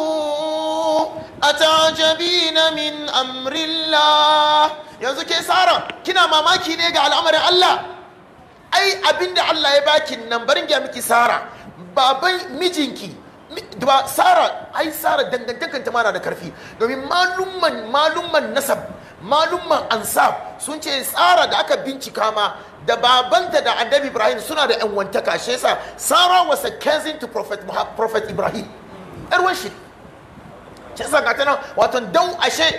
أتعجبين na min amrilla yanzu ke sara kina mamaki ne ga al'amarin Allah ai abinda Allah ya baki nan barin ga miki sara baban mijinki ba sara ai sara dangantakan ta mana da karfi domin malumman malumman nasab malumman ansab sun ce tsara da aka bincika ma da babanta da annabi ibrahim suna da yan wantaka shi yasa sara was a cousin to prophet prophet ibrahim yar shi shi sa ga tana wato dan ashe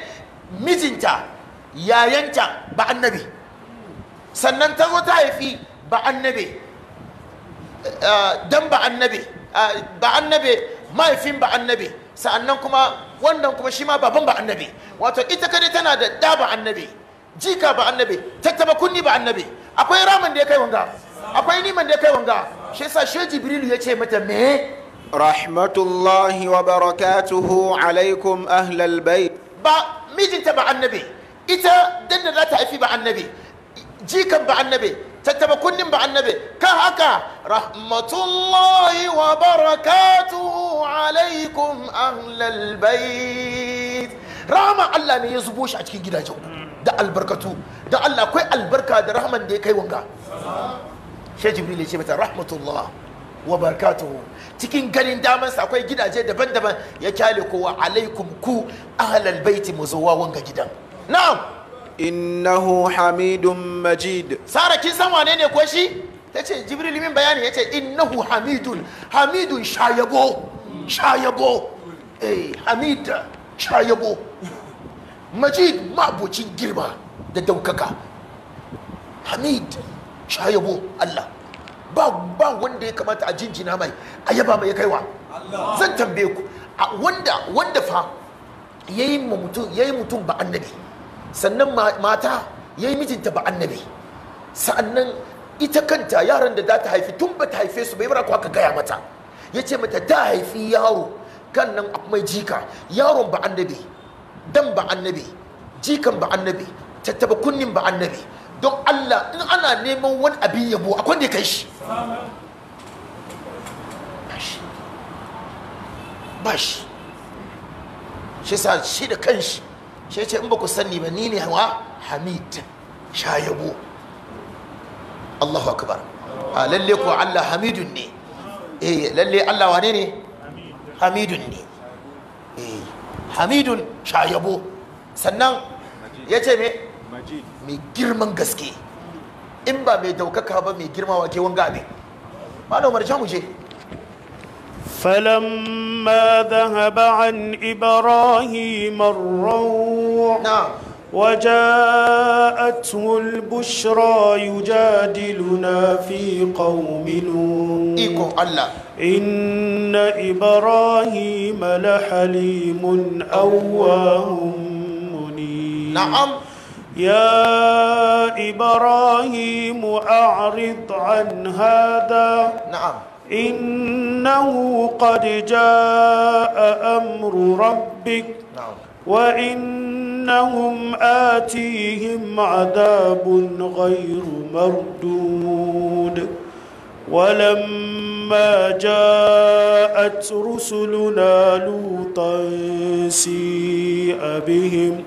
mijinta yayanta ba annabi sannan ta zo ta haifi ba annabi eh, dan ba annabi eh, ba annabi mahaifin ba annabi sa'annan kuma wannan kuma shi ma baban ba annabi wato ita kadai tana da da ba annabi jika ba annabi tattaba kunni ba annabi akwai ramin da ya kai wanga akwai niman da ya kai wanga shi yasa shi jibrilu ya ce mata me rahmatullahi wa barakatuhu alaikum ahlal bait ba mijinta ba annabi ita dan da za ta haifi ba annabi jikan ba annabi tattaba kunnin ba annabe ka haka rahmatullahi wa barakatu, alaikum ahlal bait rahama Allah ne ya zubo shi a cikin gidajen da albarkatu da Allah akwai albarka da rahman da ya kai wanga shi jibril ya ce mata rahmatullah wa barakatuhu cikin ganin damansa akwai gidaje daban-daban ya kyale kowa alaikum ku ahlal baiti mu zo wanga gidan na'am innahu hamidun majid sara kin san wane ne ko shi tace jibril min bayani yace innahu hamidun hamidun shayabo shayabo eh hamid shayabo majid mabucin girma da daukaka hamid shayabo allah ba ba wanda ya kamata a jinjina mai a yaba mai kaiwa zan tambaye ku wanda wanda fa yayi mutum yayi mutum ba annabi sannan mata ya yi mijinta ba annabi sa'annan ita kanta yaran da za ta haifi tun ba ta haife su bai bara aka gaya mata ya ce mata ta haifi yaro kan nan mai jika yaron ba annabi dan ba annabi jikan ba annabi tattaba kunnin ba annabi don Allah in ana neman wani abin yabo a kwanne kai shi Ba shi sa shi da shi. shi ce in ba ku sani ba ni ne wa hamid sha yabo Allahu akbar a lalle ko Allah hamidun ne eh lalle Allah wane ne hamidun ne eh hamidun sha yabo sannan ya ce me mai girman gaske in ba mai daukaka ba mai wa ke wanga abin ba da umar mu je فلما ذهب عن إبراهيم الروع نعم وجاءته البشرى يجادلنا في قوم لوط إن إبراهيم لحليم أواه منيب نعم يا إبراهيم أعرض عن هذا نعم إنه قد جاء أمر ربك نعم. وإنهم آتيهم عذاب غير مردود ولما جاءت رسلنا لوطا سيء بهم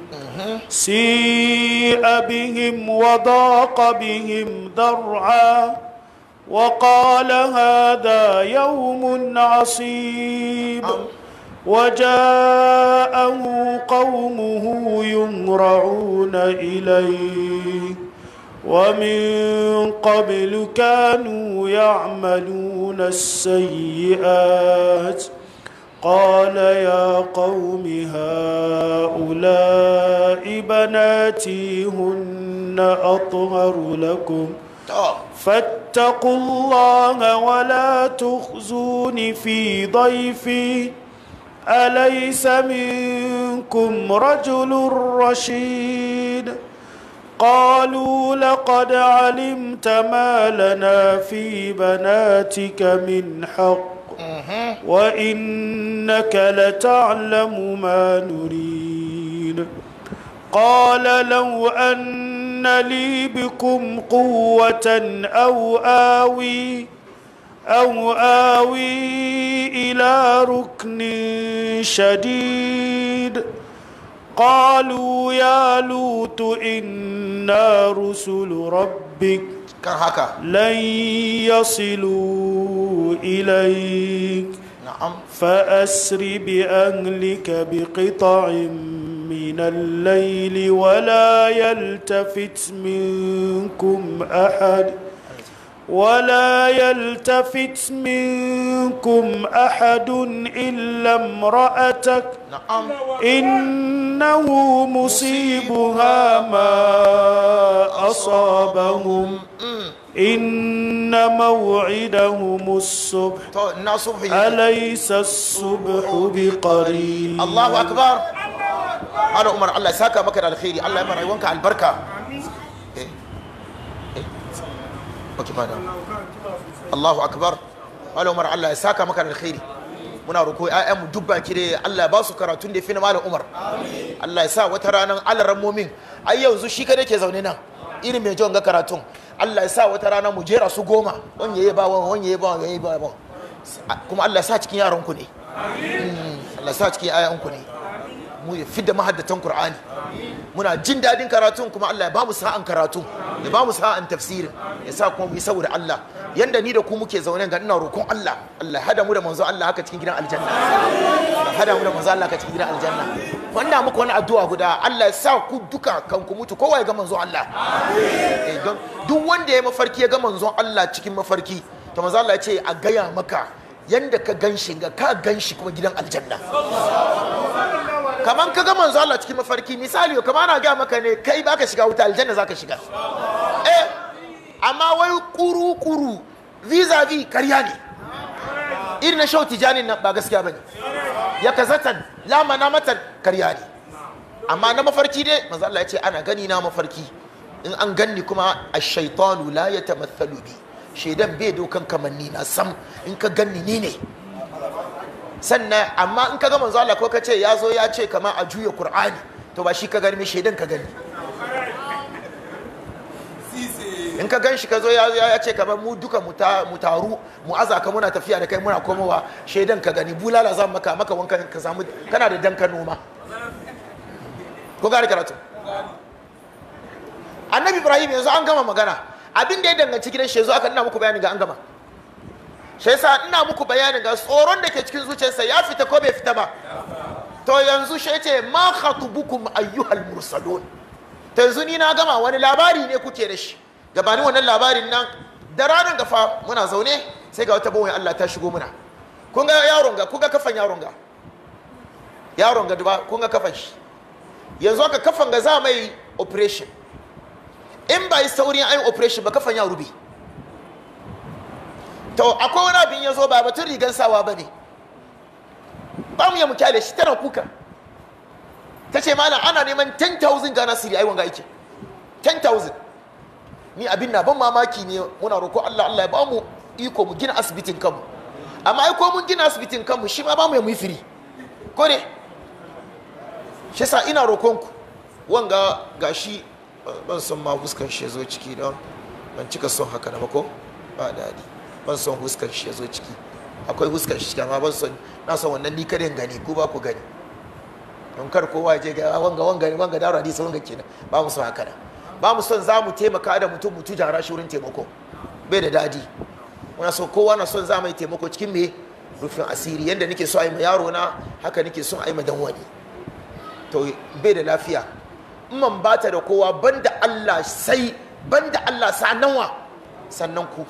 سيء بهم وضاق بهم ذرعا وقال هذا يوم عصيب وجاءه قومه يمرعون إليه ومن قبل كانوا يعملون السيئات قال يا قوم هؤلاء بناتي هن أطهر لكم ۖ فاتقوا الله ولا تخزون في ضيفي أليس منكم رجل رشيد قالوا لقد علمت ما لنا في بناتك من حق وإنك لتعلم ما نريد قال لو أن ان لي بكم قوه او اوي او اوي الى ركن شديد قالوا يا لوط انا رسل ربك لن يصلوا اليك فاسر باهلك بقطع من الليل ولا يلتفت منكم أحد ولا يلتفت منكم أحد إلا امرأتك نعم. إنه مصيبها ما أصابهم إن موعدهم الصبح أليس الصبح بقريب الله أكبر أنا عمر الله ساكا مكر الخير الله يمر يوانك على البركة الله أكبر أنا عمر الله ساكا مكر الخير muna roƙo ƴaƴanmu duk dubba kire. Allah ba su karatun da fina malam Umar Allah ya sa wata ranar alaran A ai yanzu shi kada ke zaune nan irin mai jan ga karatun Allah ya sa wata rana mu jera su goma wani ya ba wani wani ya ba wani yayi ba wani kuma Allah ya sa cikin yaran ku ne hmm, Allah ya sa cikin ayan ku ne mu ya fidda mahaddatan Qur'ani muna jin dadin karatun kuma Allah ya ba mu sa'an karatu ya ba mu sa'an tafsirin ya sa kuma mu yi saboda Allah yanda ni da ku muke zaune ga ina roƙon Allah Allah ya hada mu da manzo Allah haka cikin gidan aljanna hada mu da manzo Allah ka ci gidan aljanna wanda muku wani addu'a guda Allah ya sa ku duka kan ku mutu kowa ya ga manzo Allah amin eh duk wanda ya mafarki ya ga manzo Allah cikin mafarki to manzo Allah ya ce a gaya maka yanda ka ganshi ga ka ganshi kuma gidan aljanna kaman ka ga manzo Allah cikin mafarki misali kaman ana gaya maka ne kai baka shiga wuta aljanna zaka shiga eh amma wai kuru kuru vis-a-vis karya ne irin na shauti janin nan ba gaskiya bane ya lamana mata karya ne amma na mafarki dai manzo Allah ya ce ana gani na mafarki in an ganni kuma ash-shaytanu la yatamathalu bi shaidan bai dokan kamanni na sam in ka ganni ni ne sannan amma in ka ga manzo Allah ko ka ce ya zo ya ce kamar a juya Qur'ani to ba shi ka gani shaidan ka gani in ka gan shi ka zo ya ce kamar mu duka mu taru mu aza ka muna tafiya da kai muna komowa shaidan ka gani bulala za maka maka wanka ka samu kana da danka noma ko gari karatu annabi ibrahim yanzu an gama magana abin da ya danganci gidan shi yanzu aka ina muku bayani ga an gama shi yasa ina muku bayanin ga tsoron da ke cikin zuciyarsa ya fita ko bai fita ba to yanzu shi ce ma khatubukum ayyuhal mursalun ta yanzu ni na gama wani labari ne kuke da shi gabanin wannan labarin nan da ranar gafa muna zaune sai ga wata bawai Allah ta shigo muna kun ga yaron ga kun ga kafan yaron ga yaron ga duba kun ga kafan shi yanzu aka kafan ga za mai operation in ba yi saurin ayin operation ba kafan ya rube to akwai wani abin ya zo ba batun rigan sawa ba ne ba mu ya mu shi tana kuka ta ce mana ana neman 10,000 gana siri ai wanga aikin 10,000 ni abin na ban mamaki ne muna roko Allah Allah ya mu iko mu gina asibitin kanmu amma ai ko mun gina asibitin kanmu shi ma mu ya mu firi ko ne shi sa ina rokon ku wanga gashi eh, ban son ma fuskar shi zo ciki don ban cika son haka na mako ba dadi ban son fuskar shi zo ciki akwai fuskar shi amma ban son na son wannan ni kare gani ko ba ku gani don kar kowa je ga wanga wanga wanga radi hadisi wanga kenan ba mu son haka na ba mu son za mu taimaka da mutum mutu jara shi wurin taimako bai da dadi muna so kowa na son za mu taimako cikin mai rufin asiri yadda nake so a ma yaro na haka nake son a dan wani to bai da lafiya man ba ta da kowa banda Allah sai banda Allah sannan wa sannan ku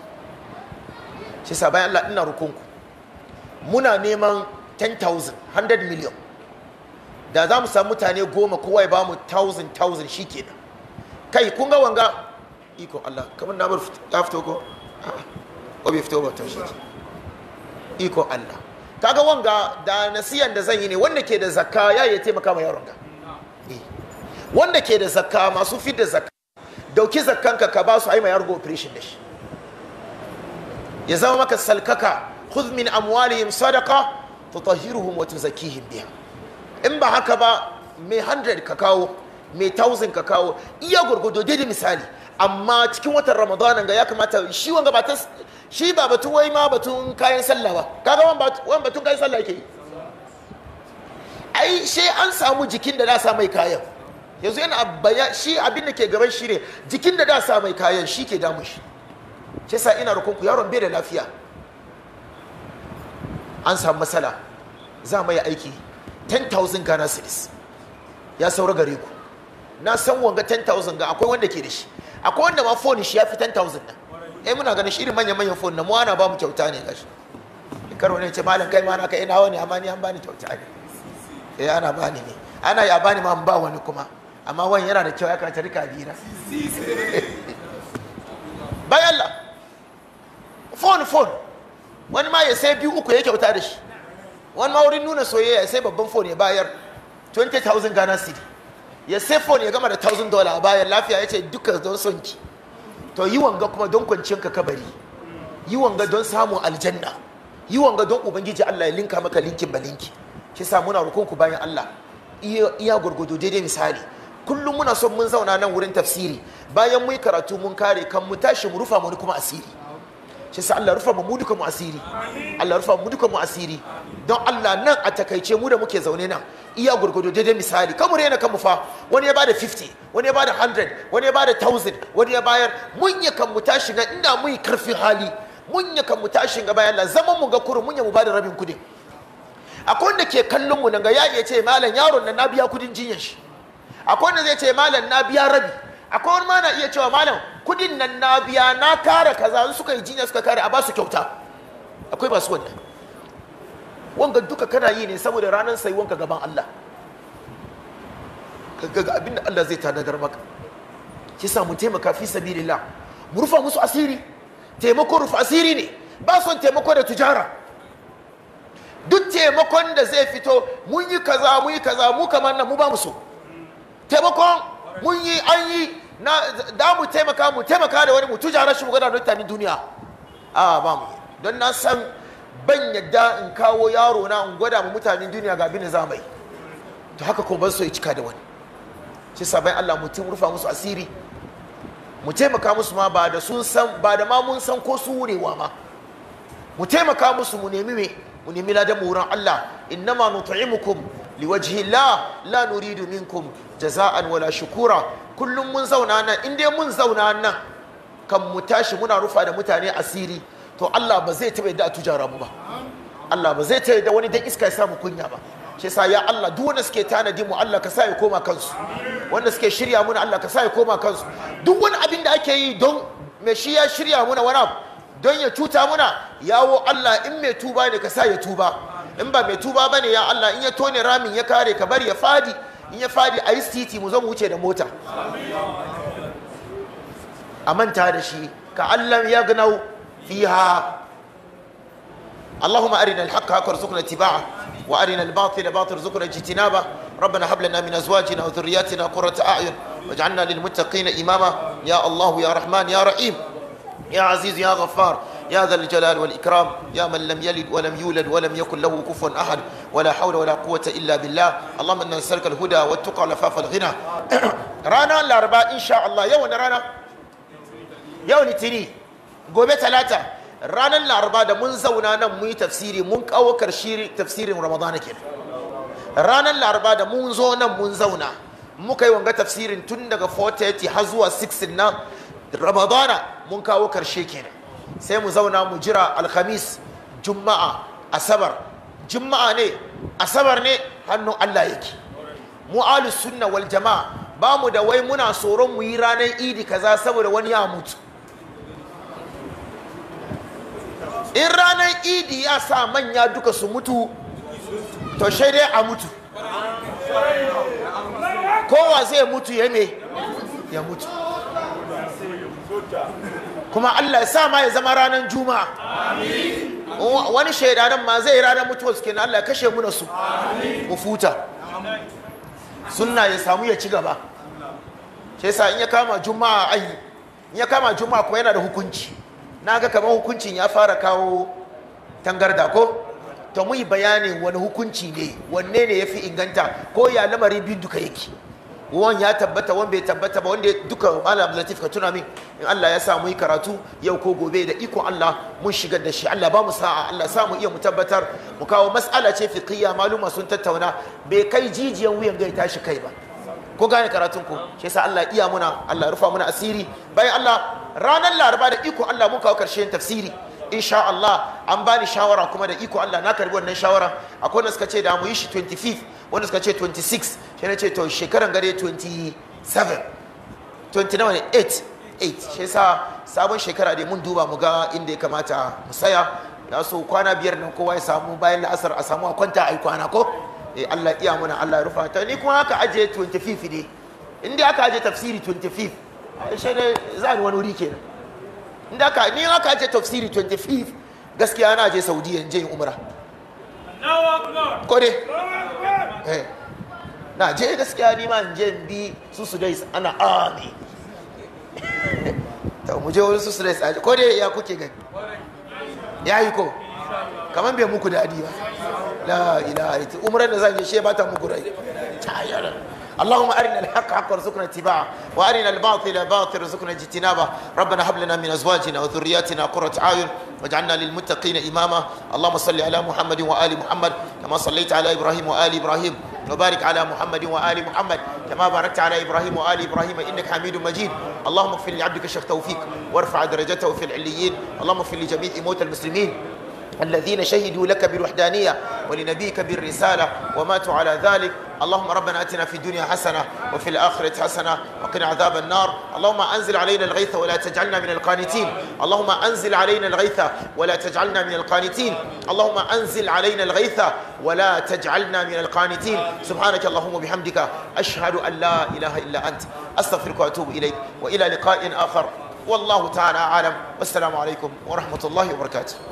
shi sa bayan Allah ina rukun ku muna neman 10,000 100 million da za mu samu mutane goma kowa ya ba mu 1,000 1,000 ke kai kun ga wanga iko Allah kamar na bar ya fito ko ko bai fito ba to shi iko Allah kaga wanga da nasiyan da zan yi ne wanda ke da zakka ya ya taimaka ma yaron ga eh. wanda ke da zakka masu fi da zakka dauki zakkanka ka ba su ai ma yargo operation da shi ya zama maka salkaka khudh min amwalihim sadaqa tutahhiruhum wa tuzakkihim biha in ba haka ba mai 100 ka kawo mai tausin ka kawo iya gurgudo daidai misali amma cikin watan ramadanan ga ya kamata shi wanga ba shi ba batun wai ma batun kayan sallah ba kaga wani batun kayan sallah yake ai sai an samu jikin da da sa mai kayan yanzu yana abaya shi abin da ke gaban shi ne jikin da da sa mai kayan shi ke Damu shi shi sa ina rukun ku yaron bai da lafiya an samu matsala za mai aiki 10,000 ghana cedis ya saura gare ku na san wanga 10,000 ga akwai wanda ke da shi akwai wanda ma phone shi ya fi 10,000 na eh muna ganin shi irin manyan manyan phone na mu ana ba mu kyauta ne gashi karo ne ce malam kai ma ana kai eh, nawa ne amma ni an bani kyauta ne eh ana bani ne ana ya bani ma ba wani kuma amma wani yana da kyau ya kamata rika bira bai Allah phone phone wani ma ya sai biyu uku ya kyauta da shi wani ma wurin nuna soyayya ya sai babban phone ya bayar 20,000 Ghana city ya sai phone ya gama da 1000 dollar bayan lafiya ya ce duka don son ki to yi wanga kuma don kwanciyarka kabari yi wanga don samun aljanna yi wanga don ubangiji Allah ya linka maka linkin balinki ki sa muna rukun ku bayan Allah iya gurgudu daidai misali kullum muna son mun zauna nan wurin tafsiri bayan mu karatu mun kare kan mu tashi mu rufa mu kuma asiri shi sa Allah rufa mu duka mu asiri Allah rufa mu duka mu asiri don Allah nan a takaice mu da muke zaune nan iya gurgudu daidai misali rena yana mu fa wani ya bada 50 wani ya bada 100 wani ya bada 1000 wani ya bayar mun ya kan mu tashi nan inda mun karfin hali mun ya kan mu tashi ga bayan zaman mu ga kuru mun ya mu bada rabin kudin akwai wanda ke kallon mu nan ga ya ce malam yaron nan na biya kudin jinyar shi akwai wanda zai ce malam na biya rabi akwai wani ma na iya cewa malam kudin nan na biya na kare kaza suka yi jinya suka kare a ba su kyauta akwai masu wannan wanga duka kana yi ne saboda ranar wanka gaban Allah ga abin da Allah zai tanadar maka ki sa mu taimaka fi sabilillah mu rufa musu asiri taimako rufa asiri ne ba son taimako da tujara duk taimakon da zai fito mun yi kaza mun yi kaza mu kamar nan mu ba mu so taimakon mun yi an yi na da mu taimaka mu taimaka da wani mu jara shi mu don tani duniya a ba mu don na san ban yadda in kawo yaro na in gwada mu mutanen duniya ga bin zamai za to haka ko ban so ya cika da wani shi sabai Allah mutum rufa musu asiri mu taimaka musu ma ba da sun san ba da ma mun san ko su wurewa ma mu taimaka musu mu nemi me mu nemi ladan mu wurin Allah innama nut'imukum liwajhi la la nuridu minkum jaza'an wala shukura kullum mun zauna nan in dai mun zauna nan kan mu tashi muna rufa da mutane asiri to Allah ba zai taɓa yadda a tujara mu ba Allah ba zai taɓa wani dan iska ya samu kunya ba shi yasa ya Allah duk wanda suke tanadi mu Allah ka sa ya koma kansu wanda suke shirya muna Allah ka sa ya koma kansu duk wani abin da ake yi don me shi ya shirya muna wani abu don ya cuta muna yawo Allah in mai tuba ne ka sa ya tuba in ba mai tuba bane ya Allah in ya tone ramin ya kare ka bari ya fadi in ya fadi a yi titi mu zo mu wuce da mota a manta da shi ka allam ya ganau fiha اللهم أرنا الحق حقا ارزقنا اتباعه وأرنا الباطل باطل ارزقنا اجتنابه ربنا هب لنا من أزواجنا وذرياتنا قرة أعين واجعلنا للمتقين إماما يا الله يا رحمن يا رحيم يا عزيز يا غفار يا ذا الجلال والإكرام يا من لم يلد ولم يولد ولم يكن له كفوا أحد ولا حول ولا قوة إلا بالله اللهم أن نسألك الهدى والتقى لفاف الغنى رانا الأربعاء إن شاء الله يوم رانا يوم تري قوبة ثلاثة رانا الأربعاء من زونانا مي تفسيري من كوكر شيري تفسيري رمضان كنا رانا الأربعاء من زونا من زونا مكاي وانغا تفسيرين تندغ فوتيتي هزوا سيكسنا رمضان من كاوكر شيكينا sai mu zauna mu jira alhamis juma'a asabar juma'a ne asabar ne hannun allah yake mu sunna wal jama'a ba mu da wai muna tsoron mu yi ranar idi kaza saboda wani ya mutu in ranar idi ya sa manya duka su mutu to shai dai a mutu kowa zai mutu ya me ya mutu kuma Allah ya sa ma ya zama ranar juma'a wani shaidanan ma zai ranar mutuwar suke na Allah ya kashe mu da su futa sunna ya samu ya ci gaba Ke sa in ya kama juma'a ai in ya kama juma'a kuma yana da hukunci na ga kamar hukuncin ya fara kawo tangarda ko to mu bayanin wani hukunci ne wanne ne ya fi inganta ko ya lamarin bin duka yake wan ya tabbata wan bai tabbata ba wanda duka malam latif ka tuna min in Allah ya sa mu yi karatu yau ko gobe da ikon Allah mun shigar da shi Allah ba mu sa'a Allah sa mu iya mu tabbatar mu kawo mas'ala ce fikiyya maluma sun tattauna bai kai jijiyan wuyan gai tashi kai ba ko gane karatun ku shi yasa Allah iya muna Allah rufa muna asiri bayan Allah ranar laraba da iko Allah mun kawo karshen tafsiri insha Allah an bani shawara kuma da iko Allah na karbi wannan shawara akwai wanda suka ce da mu yi shi 25 wanda suka ce 26 shi na ce to shekaran gare 27 29 8 shi sa sabon shekara dai mun duba mu ga inda ya kamata mu saya na so kwana biyar nan kowa ya samu bayan la'asar a samu a kwanta a yi kwana ko eh Allah iya muna Allah ya rufa ta ni kuma haka aje 25 ne inda aka aje tafsiri 25 shi ne za ni wani wuri kenan inda ka ni haka ce tafsiri 25 gaskiya na je saudiya je umra ko dai eh. na je gaskiya ni ma in je bi su su dai ana ami ta mu je wurin su su dai ko dai ya kuke gani ya yi ko kamar bai muku dadi ba la ilaha illallah umran da zan je she ba ta muku rai tayar اللهم أرنا الحق حق وارزقنا اتباعه وأرنا الباطل باطل وارزقنا اجتنابه ربنا هب لنا من أزواجنا وذرياتنا قرة أعين واجعلنا للمتقين إماما اللهم صل على محمد وآل محمد كما صليت على إبراهيم وآل إبراهيم وبارك على محمد وآل محمد كما باركت على إبراهيم وآل إبراهيم إنك حميد مجيد اللهم اغفر لعبدك الشيخ توفيق وارفع درجته في العليين اللهم اغفر لجميع موتى المسلمين الذين شهدوا لك بالوحدانية ولنبيك بالرسالة وماتوا على ذلك اللهم ربنا أتنا في الدنيا حسنة وفي الآخرة حسنة وقنا عذاب النار اللهم أنزل علينا الغيث ولا تجعلنا من القانتين اللهم أنزل علينا الغيث ولا تجعلنا من القانتين اللهم أنزل علينا الغيث ولا تجعلنا من القانتين سبحانك اللهم وبحمدك أشهد أن لا إله إلا أنت أستغفرك وأتوب إليك وإلى لقاء آخر والله تعالى أعلم والسلام عليكم ورحمة الله وبركاته